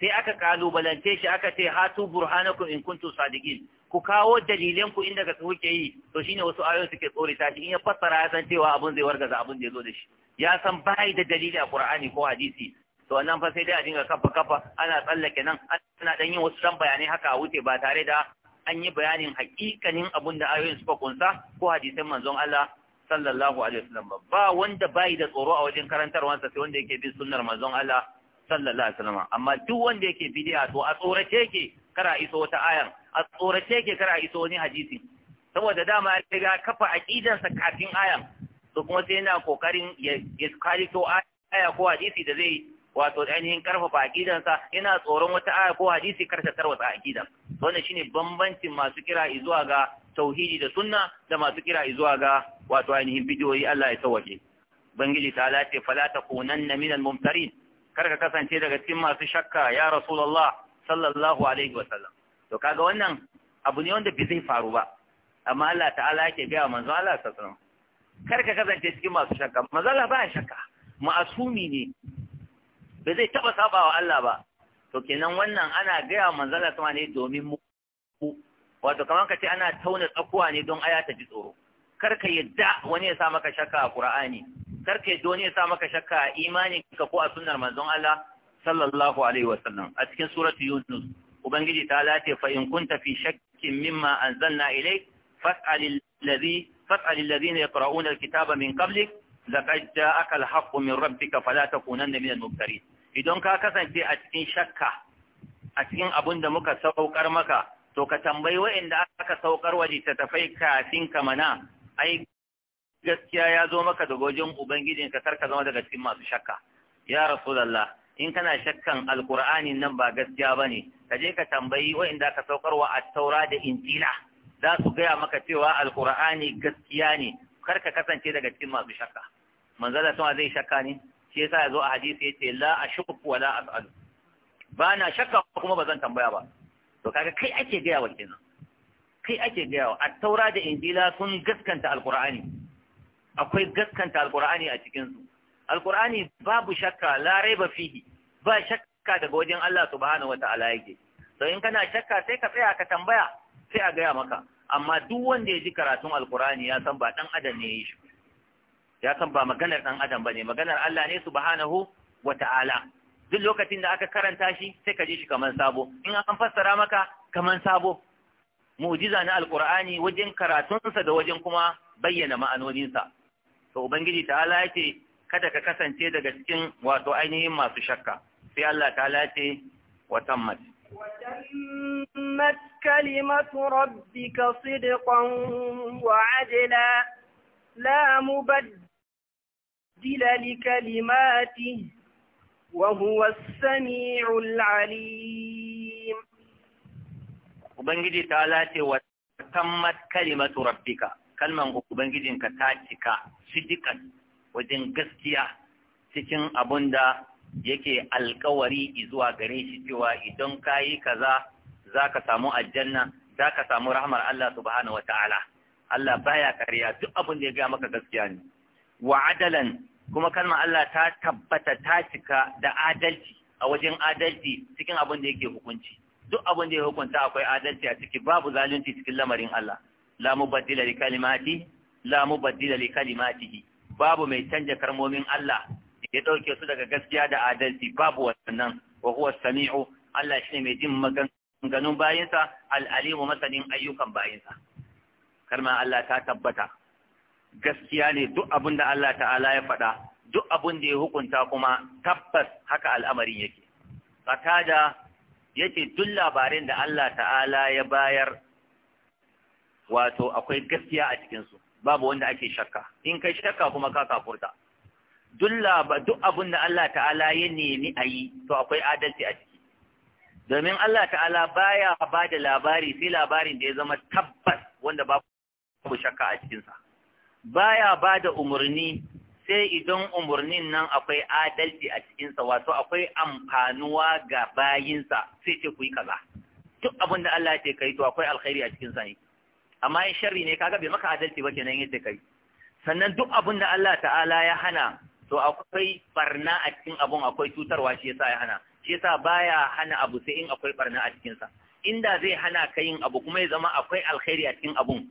sai aka kalubalance shi aka ce hatu burhanakum in kuntum sadiqin ku kawo dalilan ku inda ga kuke yi to shine wasu ayoyi suke tsore ta in ya fassara ya san cewa abun zai wargaza abun da yazo da shi ya san bai da dalili a Qur'ani ko hadisi to wannan fa sai dai a dinga kafa kafa ana tsallake nan ana dan yin wasu dan bayanai haka a wuce ba tare da an yi bayanin hakikanin abun da ayoyin suka kunsa ko hadisan manzon Allah sallallahu alaihi wasallam ba wanda bai da tsoro a wajen karantarwansa sai wanda yake bin sunnar manzon Allah sallallahu alaihi wasallam amma duk wanda yake bid'a to a tsorace yake kara iso wata ayar a tsorace yake kara iso wani hadisi saboda dama ya riga kafa sa kafin ayar to kuma sai yana kokarin ya kari to aya ko hadisi da zai wato ainihin karfafa sa yana tsoron wata aya ko hadisi karta tarwata aqidan wannan shine bambancin masu kira zuwa ga tauhidi da sunna da masu kira zuwa ga wato ainihin bidiyoyi Allah ya tawaje bangiji ta lati fala takunanna minal mumtarin kar ka kasance daga cikin masu shakka ya rasulullah sallallahu alaihi wa sallam to kaga wannan abu ne wanda bai zai faru ba amma Allah ta'ala yake ga manzo Allah sallallahu alaihi wasallam kar ka kasance cikin masu shakka manzo Allah ba shakka ma'asumi ne bai zai taba sabawa Allah ba to kenan wannan ana ga manzo Allah sama ne domin mu wato kamar ka ce ana tauna tsakuwa ne don aya ta ji tsoro kar ka yadda wani ya sa maka shakka a Qur'ani karka yadda wani ya sa maka shakka a imanin ka ko a sunnar manzon Allah sallallahu alaihi a cikin suratu yunus ubangiji ta lati fa in kunta fi shakkin mimma anzalna ilayk fas'al alladhi fas'al alladhina yaqra'una alkitaba min qablik laqad ja'aka alhaqqu min rabbika fala takunanna min almubtarin idan ka kasance a cikin shakka a cikin abin da muka saukar maka to ka tambayi wa'inda aka saukar waje ta tafai kafin ka mana ai gaskiya ya zo maka da gojin ubangijin ka karka zama daga cikin masu shakka ya rasulullah in kana shakkan alqur'ani nan ba gaskiya bane ka je ka tambayi wa'inda ka saukarwa at-taura da injila za su gaya maka cewa alqur'ani gaskiya ne karka kasance daga cikin masu shakka manzala sama zai shakka ne shi yasa yazo a hadisi yace la ashukku wala as'alu ba na shakka kuma ba zan tambaya ba to kaga kai ake gaya wa kenan kai ake gaya wa at-taura da injila sun gaskanta alqur'ani akwai gaskanta alkur'ani a cikin su alkur'ani babu shakka la raiba fihi ba shakka daga wajen Allah subhanahu wataala yake to in kana shakka sai ka tsaya ka tambaya sai a gaya maka amma duk wanda ya ji karatun alkur'ani ya san ba dan adam ne ya shi ya san ba maganar dan adam bane maganar Allah ne subhanahu wataala duk lokacin da aka karanta shi sai ka ji shi kaman sabo in an fassara maka kamar sabo mu'jiza na alqur'ani wajen karatunsa da wajen kuma bayyana ma'anoninsa to ubangiji ta ala kada ka kasance daga cikin wato ainihin masu shakka sai Allah ta ala yake watammat watammat kalimatu rabbika sidqan wa ajla la mubaddila li kalimati wa huwa as-sami'ul 'alim ubangiji ta ala yake watammat kalimatu rabbika kalman ubangijinka ta cika sidikan wajen gaskiya cikin abun yake alkawari zuwa gare shi cewa idan ka kaza za ka samu aljanna za samu rahmar Allah subhanahu wata'ala Allah baya karya duk abin da ya ga maka gaskiya ne wa adalan kuma kalmar Allah ta tabbata ta cika da adalci a wajen adalci cikin abin da yake hukunci duk abin da ya hukunta akwai adalci a ciki babu zalunci cikin lamarin Allah Lamu mubaddila li kalimati li kalimatihi babu mai canja karmomin Allah ya dauke su daga gaskiya da adalci babu wannan wa huwa samiu Allah shine mai jin maganganun bayinsa al masanin ayyukan bayinsa karma Allah ta tabbata gaskiya ne duk abin da Allah ta'ala ya faɗa duk abin da ya hukunta kuma tabbas haka al'amarin yake tsakada yake duk labarin da Allah ta'ala ya bayar wato akwai gaskiya a cikinsu babu wanda ake shakka in kai shakka kuma ka kafurta duk abin da Allah ta'ala ya nemi a yi to akwai adalci a ciki domin Allah ta'ala baya ba da labari sai labarin da ya zama tabbas wanda babu shakka a cikinsa baya ba da umarni sai idan umarnin nan akwai adalci a cikinsa wato akwai amfanuwa ga bayinsa sai ce ku yi kaza duk abin da Allah ya ce kai to akwai alkhairi a cikinsa ne amma in sharri ne kaga bai maka adalci ba kenan yadda kai sannan duk abin da Allah ta'ala ya hana to akwai barna a cikin abun akwai cutarwa shi yasa ya hana shi yasa baya hana abu sai in akwai barna a cikin sa inda zai hana ka yin abu kuma ya zama akwai alkhairi a cikin abun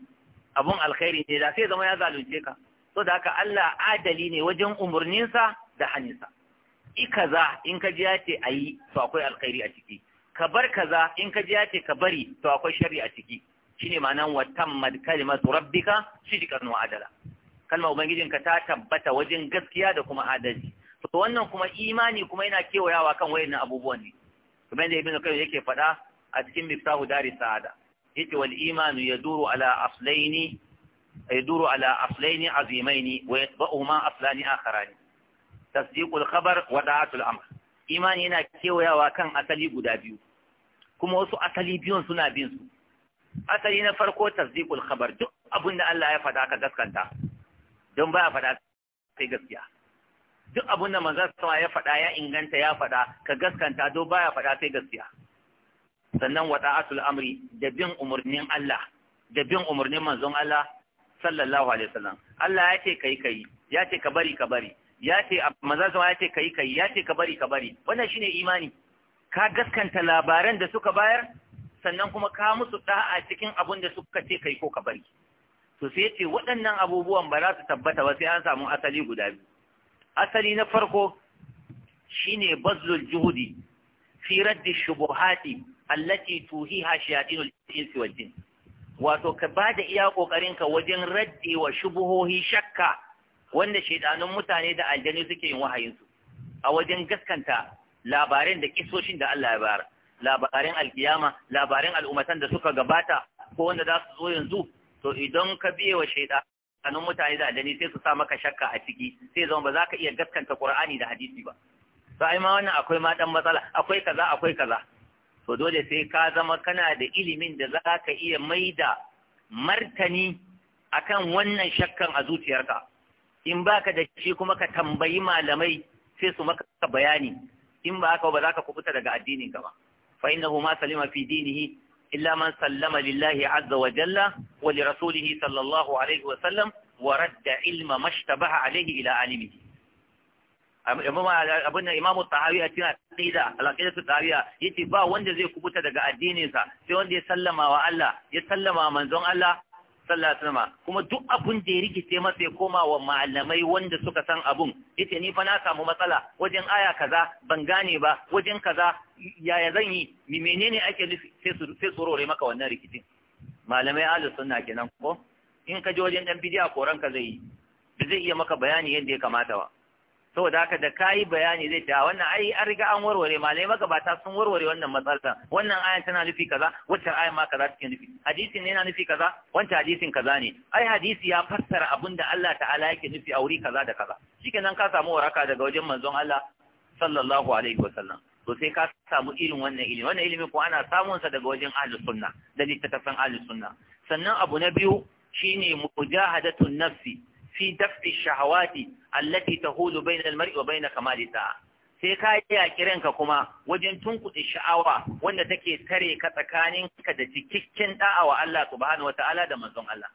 abun alkhairi ne da sai zama ya zalunce ka so da haka Allah adali ne wajen umarninsa da haninsa kaza in ka ji ya ayi to akwai alkhairi a ciki ka bar kaza in ka ji ya ka bari to akwai shari a ciki shine ma'anan wa tammat kalimatu rabbika sidqan wa adala kalma ubangijinka ta tabbata wajen gaskiya da kuma adalci to wannan kuma imani kuma yana kewayawa kan wayannan abubuwan ne kuma da ibnu kayyim yake faɗa a cikin miftahu dari sa'ada yace wal imanu yaduru ala aslaini يدور على أصلين عظيمين ويتبعهما أصلان آخران تصديق الخبر Imani yana kewayawa kan asali guda biyu. Kuma wasu asali biyun suna bin su. asali na farko tasdiqul khabar duk abin da Allah ya faɗa ka gaskanta don ba ya faɗa sai gaskiya duk abin da manzon sama ya faɗa ya inganta ya faɗa ka gaskanta don ba ya faɗa sai gaskiya sannan wata'atul amri da bin umarnin Allah da bin umarnin manzon Allah sallallahu alaihi wasallam Allah ya ce kai kai ya ce ka bari ka bari ya ce manzon sama ya ce kai kai ya ce ka bari ka bari wannan shine imani ka gaskanta labaran da suka bayar sannan kuma ka musu ɗa'a cikin abin da suka ce kai ko ka bari to sai ce waɗannan abubuwan ba za su tabbata ba sai an samu asali guda biyu asali na farko shine bazlul juhudi fi raddi shubuhati allati tuhiha shayatinul insi wal jin wato ka ba da iya kokarin ka wajen raddi wa shubuhohi shakka wanda shaidanun mutane da aljanu suke yin wahayin su a wajen gaskanta labaran da kisoshin da Allah ya bayar labarin alkiyama labarin al'ummatan da suka gabata ko wanda za su zo yanzu to idan ka biye wa kanun mutane da aljani sai su sa maka shakka a ciki sai zama ba za ka iya gaskanta qur'ani da hadisi ba to ai ma wannan akwai ma dan matsala akwai kaza akwai kaza to dole sai ka zama kana da ilimin da za ka iya maida martani akan wannan shakkan a zuciyarka in baka da shi kuma ka tambayi malamai sai su maka bayani in ba haka ba za ka kubuta daga addinin ka ba فإنه ما سلم في دينه إلا من سلم لله عز وجل ولرسوله صلى الله عليه وسلم ورد علم ما اشتبه عليه إلى عالمه abinda imamu tahawiya tana tsida alaƙidatu tahawiya yace ba wanda zai kubuta daga addininsa sai wanda ya sallama wa Allah ya sallama manzon Allah sallallahu alaihi kuma duk abun da ya rikice masa ya koma wa malamai wanda suka san abun yace ni fa na samu matsala wajen aya kaza ban gane ba wajen kaza yaya zan yi mi menene ake nufi sai su rore maka wannan rikicin malamai ahlus sunna kenan ko in ka je wajen dan bidiya koran ka zai yi zai iya maka bayani yadda ya kamata ba saboda haka da kayi bayani zai ta wannan ai an riga an warware malai magabata sun warware wannan matsalar wannan ayan tana nufi kaza wacce ayan ma kaza take nufi hadisin ne yana nufi kaza wancan hadisin kaza ne ai hadisi ya fassara abin da Allah ta'ala yake nufi a wuri kaza da kaza shikenan ka samu waraka daga wajen manzon Allah sallallahu alaihi wasallam to sai ka samu irin wannan ilimi wannan ilimi ko ana samun sa daga wajen ahli sunna da littattafan ahli sunna sannan abu na biyu shine mujahadatun nafsi fi daf'i shahawati allati tahulu bayna al-mar'i wa bayna kamali sa'a sai ka yi ka kuma wajen tunkuɗe sha'awa wanda take tare ka tsakaninka da cikakken da'a wa Allah subhanahu wata'ala da manzon Allah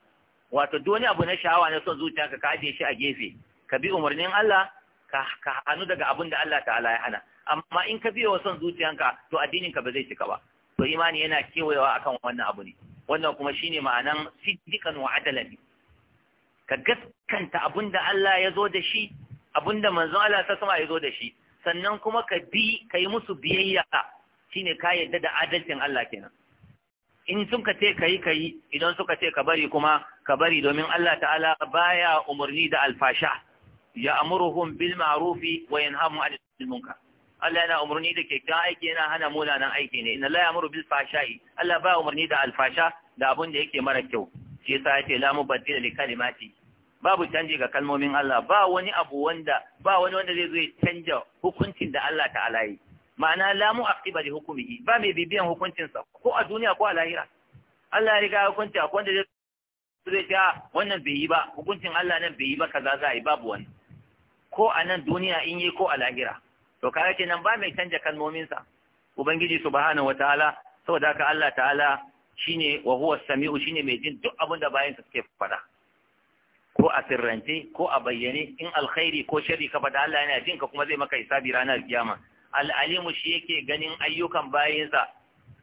wato doni abu na sha'awa na son zuciya ka ajiye shi a gefe ka bi umarnin Allah ka ka hannu daga abin da Allah ta'ala ya hana amma in ka biya wa son zuciyanka to addinin ka ba zai cika ba to imani yana kewayewa akan wannan abu ne wannan kuma shine ma'anan siddiqan wa adalan ka gaskanta abinda Allah ya zo da shi abinda manzon Allah ta sama ya zo da shi sannan kuma ka bi ka yi musu biyayya shine ka yadda da adalcin Allah kenan in sun ka ce ka yi ka yi idan suka ce ka bari kuma ka bari domin Allah ta'ala baya umarni da alfasha ya amuruhum bil ma'rufi wa yanhamu 'anil munkar Allah yana umarni da kyakkyawan aiki yana hana munanan aiki ne inna la ya'muru bil fashai Allah baya umarni da alfasha da abun da yake mara kyau shi yasa yace la mubaddila li kalimati babu canji ga kalmomin Allah ba wani abu wanda ba wani wanda zai zo ya canja hukuncin da Allah ta'ala yi ma'ana la mu'aqiba li hukmihi ba mai bibiyan hukuncin sa ko a duniya ko a lahira Allah ya riga hukunci akwai wanda zai zai ce wannan bai yi ba hukuncin Allah nan bai yi ba kaza za a yi babu wani ko a nan duniya in yi ko a lahira to kaga kenan ba mai canja kalmominsa ubangiji subhanahu wataala saboda haka Allah ta'ala shine wa huwa sami'u shine mai jin duk abin da bayansa suke fada. ko a sirrance ko a bayyane in alkhairi ko sharri ka fada Allah yana jin ka kuma zai maka hisabi ranar kiyama al'alimu shi yake ganin ayyukan bayansa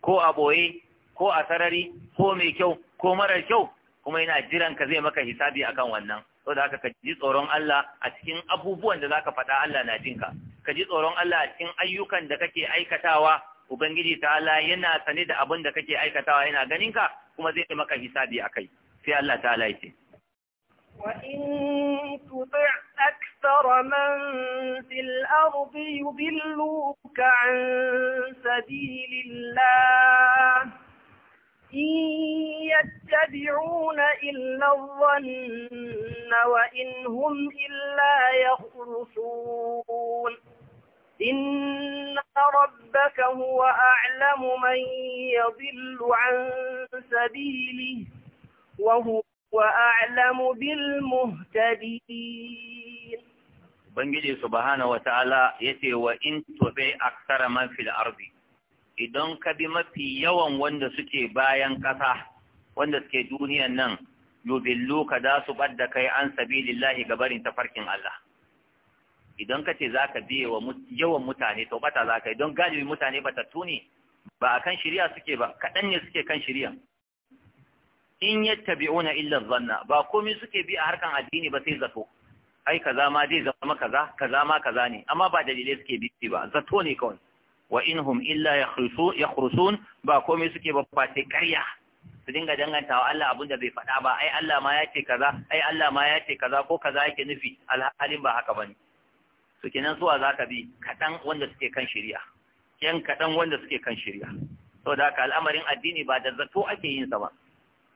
ko a boye ko a sarari ko mai kyau ko marar kyau kuma yana jiran ka zai maka hisabi akan wannan saboda haka ka ji tsoron Allah a cikin abubuwan da zaka faɗa Allah na jinka ka ji tsoron Allah a cikin ayyukan da kake aikatawa ubangiji Allah yana sane da abin da kake aikatawa yana ganin ka kuma zai yi maka hisabi kai sai Allah ta Allah yake وإن تطع أكثر من في الأرض يضلوك عن سبيل الله إن يتبعون إلا الظن وإن هم إلا يخرصون إِنَّ رَبَّكَ هُوَ أَعْلَمُ مَنْ يَضِلُّ عَنْ سَبِيلِهِ وَهُوَ أَعْلَمُ بِالْمُهْتَدِينَ Ubangiji subhanahu wa ta’ala ya ce wa in tobe aksara manfil arzi, idan ka bi mafi yawan wanda suke bayan ƙasa wanda suke duniyan nan, yubin luka za su ɓad da kai an sabi ga barin tafarkin Allah. idan ka ce za ka biye wa yawan mutane to bata za ka yi galibi mutane bata tuni ba a kan shirya suke ba kaɗan ne suke kan shirya in yattabi'una illa zanna ba komai suke bi a harkan addini ba sai zato ai kaza ma dai zama kaza kaza ma kaza ne amma ba dalilai suke bi ba zato ne kawai wa hum illa ya yakhrusun ba komai suke ba ba sai karya su dinga dangantawa Allah abinda da bai faɗa ba ai Allah ma ya ce kaza ai Allah ma ya ce kaza ko kaza yake nufi alhalin ba haka bane su kenan zuwa za ka bi kaɗan wanda suke kan shirya yan kaɗan wanda suke kan shirya saboda haka al'amarin addini ba da zato ake yin sa ba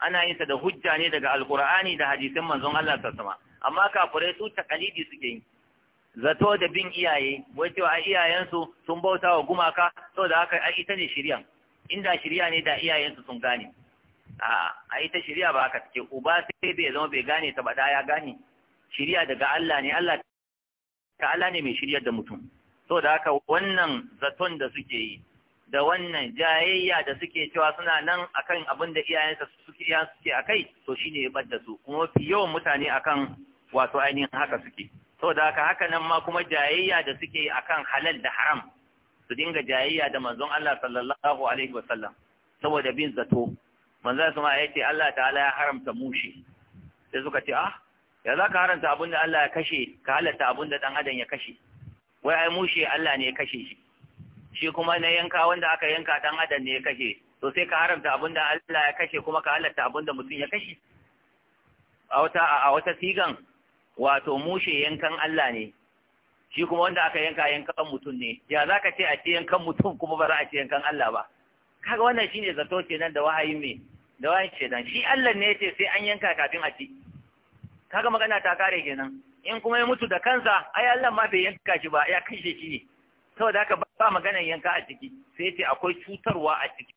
ana yin sa da hujja ne daga alkur'ani da hadisin manzon Allah sallallahu alaihi wasallam amma kafirai su takalidi suke yi zato da bin iyaye wai cewa a iyayensu sun bauta wa gumaka saboda haka ai ita ne shirya inda shirya ne da iyayensu sun gane a a ita shirya ba haka take uba sai bai zama bai gane ta ba da ya gane shirya daga Allah ne Allah Allah ne mai shiryar da mutum So da haka wannan zaton da suke yi da wannan jayayya da suke cewa suna nan akan abin da iyayensa suke yi suke kai, to ne ya da su kuma fi yawan mutane akan wato ainihin haka suke So da haka haka nan ma kuma jayayya da suke yi akan halal da haram su dinga jayayya da manzon Allah sallallahu alaihi wasallam saboda bin zato manzon sama ya ce Allah ta'ala ya haramta mushi sai suka ce ah ya za ka haranta abin da Allah ya kashe ka halatta abin da ɗan adam ya kashe wai ai mushe Allah ne ya kashe shi shi kuma na yanka wanda aka yanka ɗan adam ne ya kashe to sai ka haramta abin da Allah ya kashe kuma ka halatta abin da mutum ya kashe a wata a wata sigan wato mushe yankan Allah ne shi kuma wanda aka yanka yankan mutum ne ya za ka ce a ce yankan mutum kuma ba za a ce yankan Allah ba kaga wannan shine zato kenan da wahayin me da wahayi kenan shi Allah ne ya ce sai an yanka kafin a ci kaga magana ta kare kenan in kuma ya mutu da kansa ai Allah ma bai yanka shi ba ya kashe shi ne saboda haka ba maganar yanka a ciki sai ce akwai cutarwa a ciki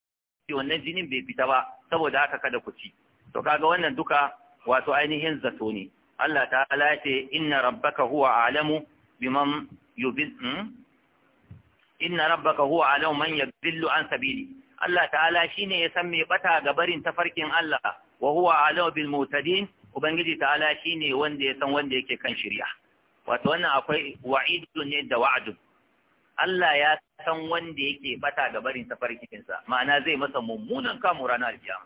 wannan jinin bai fita ba saboda haka kada ku ci to kaga wannan duka wato ainihin zato ne Allah ta'ala ya ce inna rabbaka huwa a'lamu biman yubil hmm? inna rabbaka huwa a'lamu man yadhillu an sabili Allah ta'ala shine ya san me bata ga barin tafarkin Allah wa huwa a'lamu bil mutadin ubangiji ta'ala ne wanda ya san wanda yake kan shirya wato wannan akwai wa'idu ne da wa'adu. Allah ya san wanda yake bata ga barin tafarkinsa ma'ana zai masa mummunan kamu ranar kiyama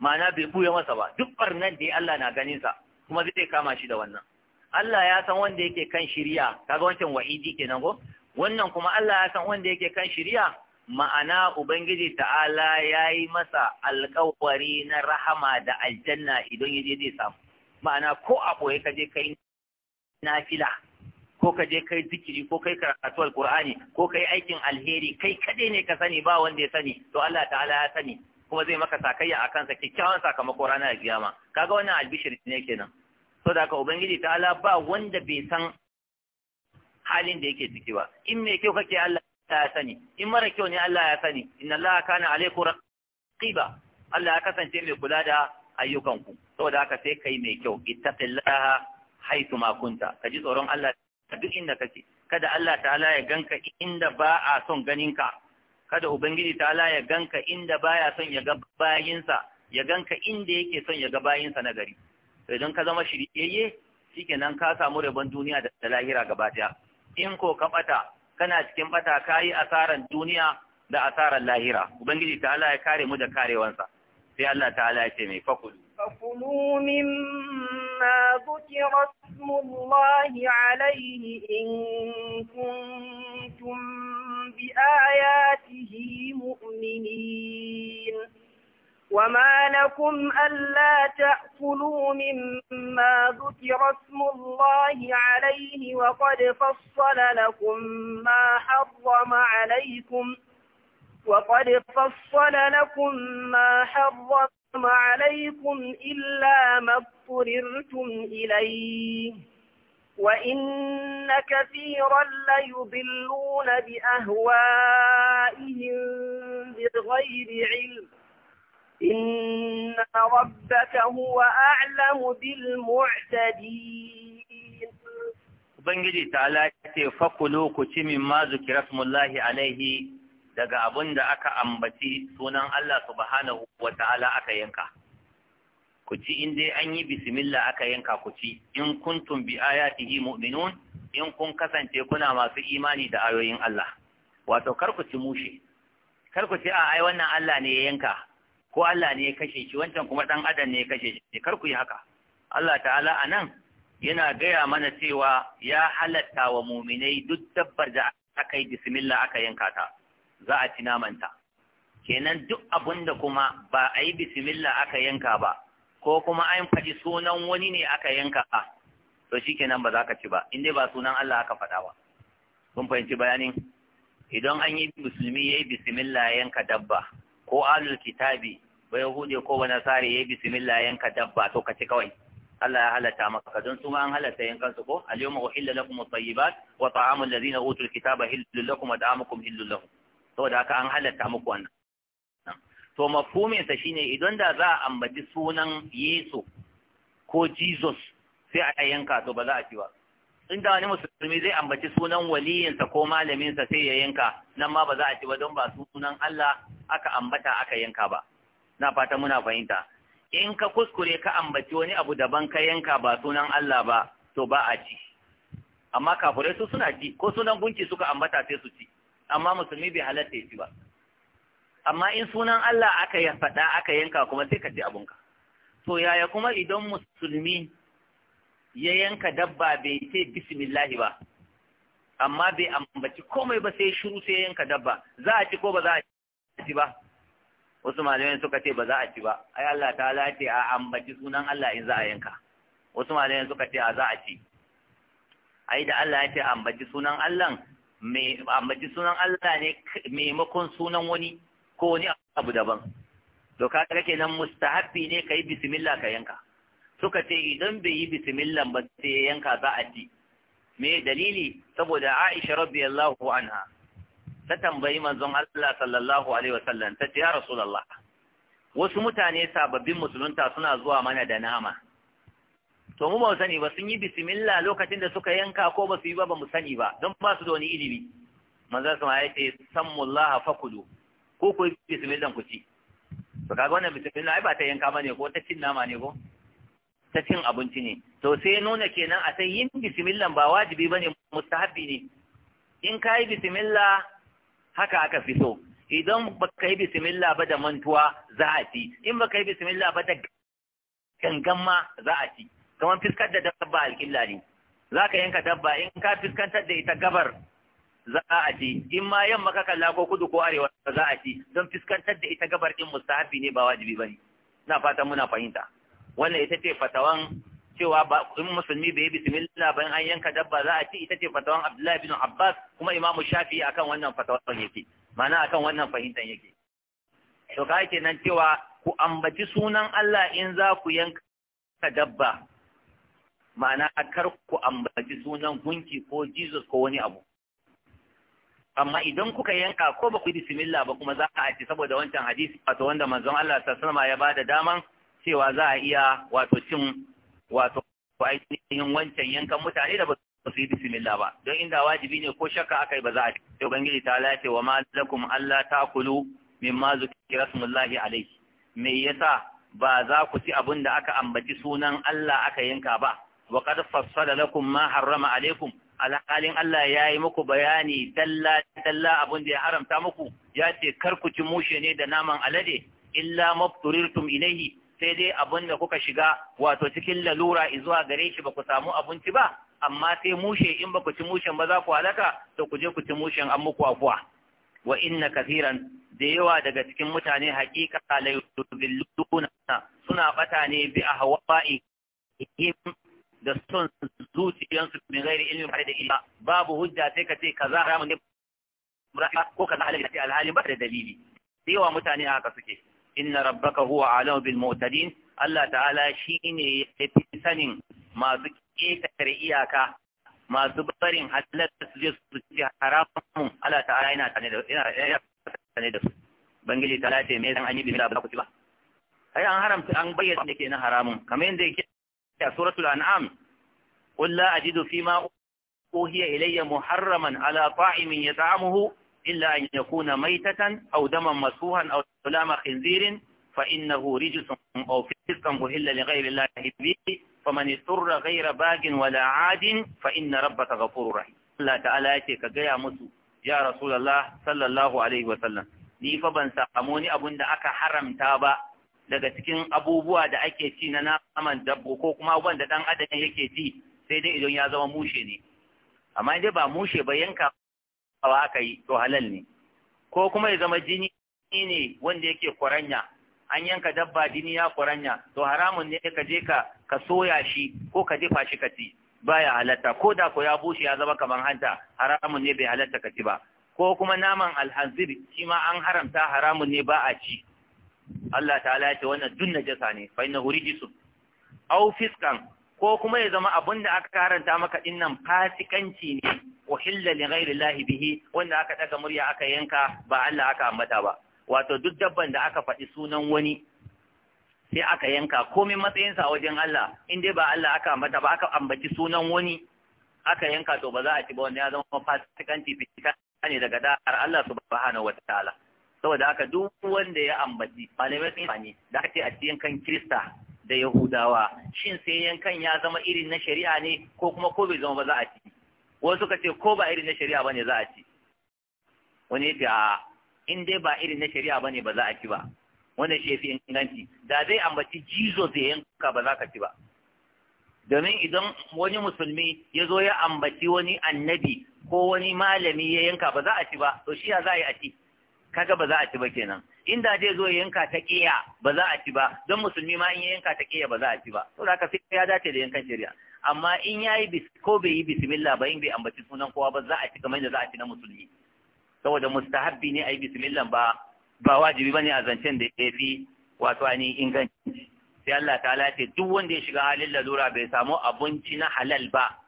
ma'ana bai buya masa ba duk barnan da ya Allah na ganinsa kuma zai kama shi da wannan Allah ya san wanda yake kan shiriya kaga wancan wa'idi kenan ko wannan kuma Allah ya san wanda yake kan shirya ma'ana ubangiji ta'ala ya yi masa alkawari na rahama da aljanna idan yaje zai samu ma'ana ko a boye ka je kai nafila ko ka kai zikiri ko kai karatu alkur'ani ko kai aikin alheri kai kade ne ka sani ba wanda ya sani to Allah ta'ala ya sani kuma zai maka sakayya a kansa kyakkyawan sakamako ranar kiyama kaga wannan albishir ne kenan so da ka ubangiji ta'ala ba wanda bai san halin da yake ciki ba in me kyau kake Allah ya sani in mara kyau ne Allah ya sani inna Allah kana alaykum raqiba Allah ya kasance mai kula da ayyukanku saboda haka sai kai mai kyau ittaqillaha haythu ma kunta kaji tsoron Allah duk inda kake kada Allah ta'ala ya ganka inda ba a son ganinka kada ubangiji ta'ala ya ganka inda baya son ya ga bayinsa ya ganka inda yake son ya ga bayinsa na gari to idan ka zama shiriyeye shikenan ka samu rabon duniya da lahira gaba daya in ko ka bata kana cikin bata kayi asaran duniya da asaran lahira ubangiji ta'ala ya kare mu da karewansa sai Allah ta'ala ya ce mai fakulu fakulu mimma dhukira ismullahi alayhi in kuntum bi ayatihi mu'minin وما لكم ألا تأكلوا مما ذكر اسم الله عليه وقد فصل لكم ما حرم عليكم وقد فصل لكم ما حرم عليكم إلا ما اضطررتم إليه وإن كثيرا ليضلون بأهوائهم بغير علم إن ربك هو أعلم بالمعتدين Ubangiji ta'ala ce fakulu ku ci min ma zukira smullahi alaihi daga abin da aka ambaci sunan Allah subhanahu wa ta'ala aka yanka. Ku ci in dai an yi bismillah aka yanka ku ci in kuntum bi ayatihi mu'minun in kun kasance kuna masu imani da ayoyin Allah. Wato kar ku ci mushe, kar ku ce a ai wannan Allah ne ya yanka, ko Allah ne ya kashe shi wancan kuma dan adam ne ya kashe shi kar ku yi haka Allah ta'ala anan yana gaya mana cewa ya halatta wa muminai duk dabbar da aka yi bismillah aka yanka ta za a ci namanta kenan duk abinda da kuma ba a yi bismillah aka yanka ba ko kuma an faɗi sunan wani ne aka yanka to shi ba za ka ci ba in dai ba sunan Allah aka faɗa ba kun fahimci bayanin idan an yi musulmi yayi yi bismillah yanka dabba ko alul kitabi ba yahude ko wani tsari ya bismillah yanka dabba to ka ci kawai Allah ya halatta maka don su ma an halatta yankan su ko al-yawma uhilla lakum at-tayyibat wa ta'amu alladhina utul kitaba hillul lakum wa ta'amukum hillul lahum saboda haka an halatta muku wannan to mafhumin sa shine idan da za a ambaci sunan Yesu ko Jesus sai a yanka to ba za a ci ba in da wani musulmi zai ambaci sunan waliyinsa ko malaminsa sai ya yanka nan ma ba za a ci ba don ba sunan Allah aka ambata aka yanka ba na fata muna fahimta in ka kuskure ka ambaci wani abu daban ka yanka ba sunan Allah ba to ba a ci amma kafirai su suna ci ko sunan gunki suka ambata sai su ci amma musulmi bai halatta ci ba amma in sunan Allah aka ya faɗa aka yanka kuma sai ka ci abunka to yaya kuma idan musulmi ya yanka dabba bai ce bismillahi ba amma bai ambaci komai ba sai shiru sai yanka dabba za a ci ko ba za a ci ba wasu malamai suka ce ba za a ci ba ai Allah ta lace a ambaci sunan Allah in za a yanka wasu malamai suka ce a za a ci ai da Allah ya ce ambaci sunan Allah me ambaci sunan Allah ne maimakon sunan wani ko wani abu daban to kaga kenan mustahabi ne kai bismillah ka yanka suka ce idan bai yi bismillah ba sai yanka za a ci me dalili saboda Aisha radiyallahu anha ta tambayi manzon Allah sallallahu alaihi wasallam ta ce ya rasulullah wasu mutane sababbin musulunta suna zuwa mana da nama to mu ba sani ba sun yi bismillah lokacin da suka yanka ko ba su yi ba ba mu sani ba don ba su da wani ilimi manzon sama ya ce sammullaha fakudu ko ku yi bismillah ku ci to kaga wannan bismillah ai ba ta yanka bane ko ta cin nama ne ko ta cin abinci ne to sai nuna kenan a sai yin bismillah ba wajibi bane mustahabi ne in ka yi bismillah haka aka fi so idan baka yi bismillah ba da mantuwa za a ci in baka yi bismillah ba da gangan ma za a ci kamar fiskar da dabba alƙilla ne za ka yanka dabba in ka fiskantar da ita gabar za a ci in ma yamma ka kalla ko kudu ko arewa za a ci don fiskantar da ita gabar din mustahabi ne ba wajibi bane ina fatan muna fahimta wannan ita ce fatawan cewa ba in musulmi bai yi bismillah bayan an yanka dabba za a ci ita ce fatawan Abdullahi bin Abbas kuma Imam Shafi'i akan wannan fatawan yake ma'ana akan wannan fahimtar yake to ka yake nan cewa ku ambaci sunan Allah in za ku yanka dabba ma'ana kar ku ambaci sunan gunki ko Jesus ko wani abu amma idan kuka yanka ko ba ku yi bismillah ba kuma za a ci saboda wancan hadisi wato wanda manzon Allah sallallahu alaihi wasallam ya bada daman cewa za a iya wato cin wato ainihin wancan yankan mutane da ba su yi bismillah ba don inda wajibi ne ko shakka aka ba za a ce ubangiji ta lace wa ma lakum alla taakulu ma zukira rasmullahi alaihi. me yasa ba za ku ci abin da aka ambaci sunan Allah aka yanka ba wa qad fassala lakum ma harrama alaikum alhalin Allah ya yi muku bayani dalla dalla abin da ya haramta muku ya ce kar ku ci mushe ne da naman alade illa mafturirtum ilaihi. sai dai abin da kuka shiga wato cikin lalura zuwa gare shi ba ku samu abinci ba amma sai mushe in ba ku ci mushen ba za ku halaka to ku je ku ci mushen an muku afuwa wa inna kathiran da yawa daga cikin mutane haƙiƙa la yudilluna suna bata ne bi ahwa'i da son zuciyansu min ghairi ilmi ba da illa babu hujja sai ka ce kaza haramun ne ko kaza halal ne alhalin ba da dalili da yawa mutane haka suke inna rabbaka huwa alamu bil mu'tadin Allah ta'ala shine ya fi sanin masu ƙetare iyaka masu barin halal su je su ci haramun Allah ta'ala yana tane da yana tane da su bangiji ta lace me san an yi bimila ba ku ci ba ai an haramta an bayyana yake na haramun kamar yadda yake a suratul an'am qul la ajidu fima uhiya ilayya muharraman ala ta'imin yata'amuhu illa an yakuna maitatan audamar daman masuhan aw lama khinzirin fa innahu rijsun aw fiskan uhilla li ghayri llahi bihi faman isturra ghayra bagin wala adin fa inna rabbaka ghafurur rahim Allah ta'ala yace ka gaya musu ya rasulullah sallallahu wa ni fa ban samu wani abun da aka haramta ba daga cikin abubuwa da ake ci na naman dabbo ko kuma abubuwan da dan adam yake ci sai dai idan ya zama mushe ne amma dai ba mushe ba yanka aka yi to halal ne ko kuma ya zama jini ne wanda yake kwaranya an yanka dabba jini ya kwaranya to haramun ne ka je ka ka soya shi ko ka jefa shi kaci baya halatta ko da ko ya bushe ya zama kamar hanta haramun ne bai halatta kaci ba ko kuma naman alhanzir shi ma an haramta haramun ne ba a ci Allah ta'ala ya ce wannan dun najasa ne fa inna hurijisu aw fiskan ko kuma ya zama abin da aka karanta maka din nan fasikanci ne uhilla li ghairi llahi bihi wanda aka daga murya aka yanka ba Allah aka ambata ba wato duk dabban da aka faɗi sunan wani sai aka yanka komai matsayinsa a wajen Allah in dai ba Allah aka ambata ba aka ambaci sunan wani aka yanka to ba za a ci ba wanda ya zama fasikanci fita ne daga da'ar Allah subhanahu wataala saboda haka duk wanda ya ambaci malamai sun ne da aka ce a cikin kan Kirista da Yahudawa shin sai yankan ya zama irin na shari'a ne ko kuma ko bai zama ba za a ci wasu suka ce ko ba irin na shari'a bane za a ci wani ya ce a in dai ba irin na shari'a bane ba za a ci ba wanda shi yafi inganci da zai ambaci jizo da yanka ba za ka ci ba domin idan wani musulmi ya zo ya ambaci wani annabi ko wani malami ya yanka ba za a ci ba to shi ya za a yi a ci kaga ba za a ci ba kenan inda zai zo yanka ta kiya ba za a ci ba don musulmi ma in yanka ta kiya ba za a ci ba to da sai ya dace da yankan shari'a amma in yayi ko bai yi bismillah ba in bai ambaci sunan kowa ba za a ci kamar yadda za a ci na musulmi saboda mustahabbi ne ayi bismillah ba ba wajibi bane a zancen da ya fi wato ani inganci sai Allah ta'ala ce duk wanda ya shiga halin lalura bai samu abinci na halal ba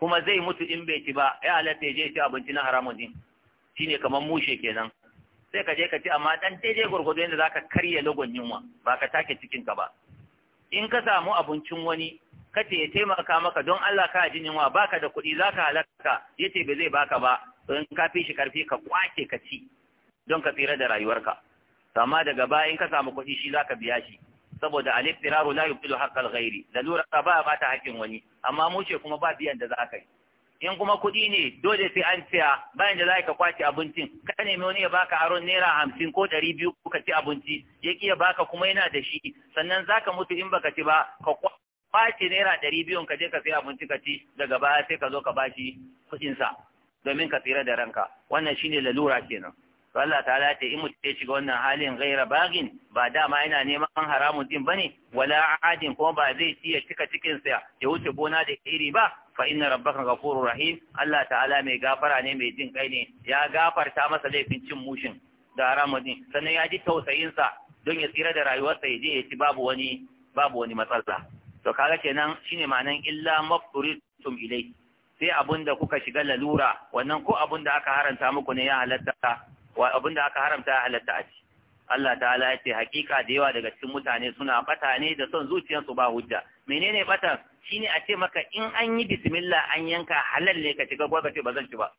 kuma zai mutu in bai ci ba ya halatta ya je ci abinci na haramun din shine kamar mushe kenan sai ka je ka ci amma dan daidai gurgudu yadda za ka karya lagon yunwa ba ka take cikinka ba in ka samu abincin wani ka ce ya taimaka maka don Allah ka ji yunwa baka da kuɗi za ka halaka ya ce ba zai baka ba to in ka fi shi karfi ka kwake ka ci don ka tsira da rayuwarka amma daga baya in ka samu kuɗi shi zaka biya shi saboda alif firaru la yubtilu haqqal ghairi lalura ba ba ta hakkin wani amma mu ce kuma ba biyan da za yi in kuma kuɗi ne dole sai an ciya bayan da za ka kwace abincin ka nemi wani ya baka aron naira hamsin ko ɗari biyu ka ci abinci ya ƙi ya baka kuma yana da shi sannan za ka mutu in baka ci ba ka kwace naira ɗari biyu ka je ka sai abinci ka ci daga baya sai ka zo ka bashi kuɗinsa domin ka tsira da ranka wannan shine lalura kenan Allah ta ce in mutum ya shiga wannan halin gaira bagin ba dama yana neman haramun din bane wala adin kuma ba zai ci cika cikinsa ya wuce gona da iri ba fa inna rabbaka ghafurur rahim Allah ta'ala mai gafara ne mai jin kai ne ya gafarta masa laifin cin mushin da haramun sannan ya ji tausayin sa don ya tsira da rayuwarsa ya je ya ci babu wani babu wani matsala to kaga kenan shine ma'anan illa mafuritum ilai sai abinda kuka shiga lalura wannan ko abinda aka haranta muku ne ya halatta wa abinda aka haramta ya halatta a ci Allah ta'ala ya ce hakika da yawa daga cikin mutane suna bata ne da son zuciyarsu ba hujja menene bata shine a ce maka in an yi bismillah an yanka halal ne ka shiga gwagwace ba zan ci ba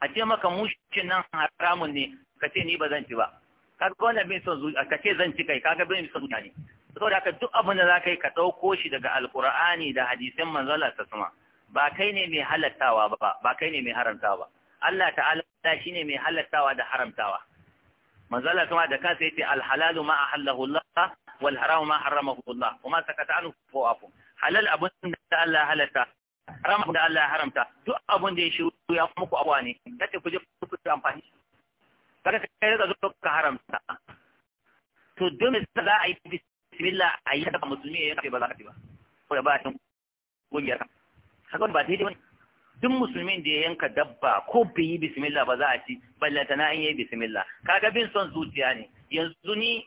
a ce maka mushin nan haramun ne ka ce ni ba zan ci ba Ka ga wannan bin son zuciya ka ce zan ci kai kaga bin son zuciya ne saboda haka duk abin da za ka yi ka ɗauko shi daga alkur'ani da hadisan Allah ta suma ba kai ne mai halattawa ba ba kai ne mai haramtawa Allah ta'ala shi ne mai halattawa da haramtawa manzala kuma da kansa yace al halalu ma ahallahu Allah wal haramu ma haramahu Allah kuma sakata anhu fa afu halal abun da Allah halata haram da Allah haramta duk abun da ya shiru ya muku abuwa ne kace ku je ku amfani kaga kai da zo ka haramta to don da za a yi bismillah a yi da musulmi ya yi ba za ka ci ba ko da ba a cin gungiyar ka ba daidai wani duk musulmin da ya yanka dabba ko bai yi bismillah ba za a ci ballata na an yi bismillah kaga bin son zuciya ne yanzu ni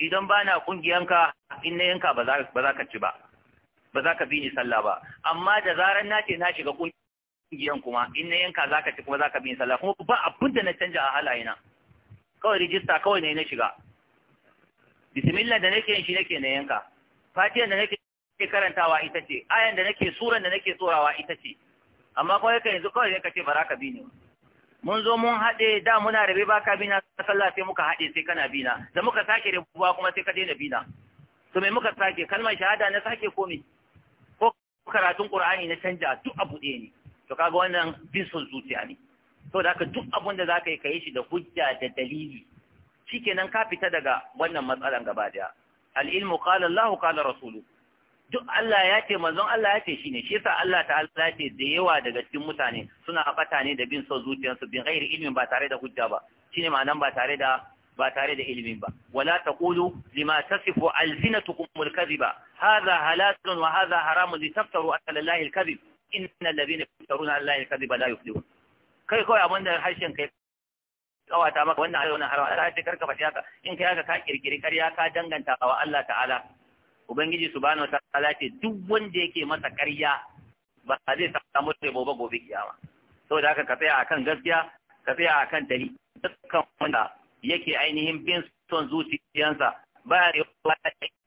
idan ba na kungiyanka in na yanka ba za ka ci ba ba za ka bi ni sallah ba amma da zarar na ce na shiga kungiyan kuma in na yanka za ka ci kuma za ka bi ni sallah kuma ba abin da na canja a halayena kawai rijista kawai ne na shiga bismillah da nake yin shi nake na yanka fatiyan da nake karantawa ita ce ayan da nake suran da nake tsorawa ita ce amma ko yake yanzu kawai ka ce baraka bi ne. mun zo mun haɗe da muna rabe ba ka bina sallah sai muka haɗe sai kana bina da muka sake rabuwa kuma sai ka daina bina to me muka sake kalmar shahada na sake ko me ko karatun qur'ani na canja duk abu ɗaya ne to kaga wannan bin son zuciya ne to da haka duk abun da zaka yi ka yi shi da hujja da dalili shikenan ka fita daga wannan matsalan gaba daya al ilmu qala Allah qala rasuluhu duk Allah ya ce manzon Allah ya ce shi ne. shi yasa Allah ta'ala ya ce da yawa daga cikin mutane suna fata ne da bin son zuciyarsu bin gairi ilimin ba tare da hujja ba ne ma'anan ba tare da ba tare da ilimin ba wala taqulu lima tasifu alsinatukum alkaziba hadha halatun wa hadha haramun litaftaru ala allahi alkazib innal ladhina yaftaruna ala allahi ba layu yuflihun kai kawai da harshen kai kawata maka wannan ayyuna haram Allah ya ce karka fashi haka in kai haka ka kirkiri karya ka danganta wa Allah ta'ala ubangiji subhanahu wataala ce duk wanda yake masa ƙarya ba zai samu rabo ba gobe kiyama saboda haka ka tsaya akan gaskiya ka tsaya akan tari dukkan wanda yake ainihin bin son zuciyansa ba ya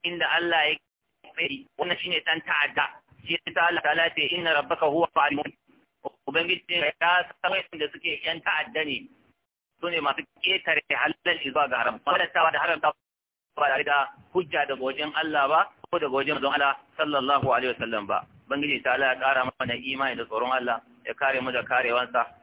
inda Allah ya tsaye wannan shine dan ta'adda shi ta Allah ta'ala ce inna rabbaka huwa alimun ubangiji ya san da suke yan ta'adda ne su ne masu ƙetare halal zuwa ga haram wadatawa da haramta ba tare da hujja daga wajen Allah ba ko daga wajen don Allah sallallahu alaihi wasallam ba bangiji ta Allah ya kara mana imani da tsoron Allah ya kare mu da karewansa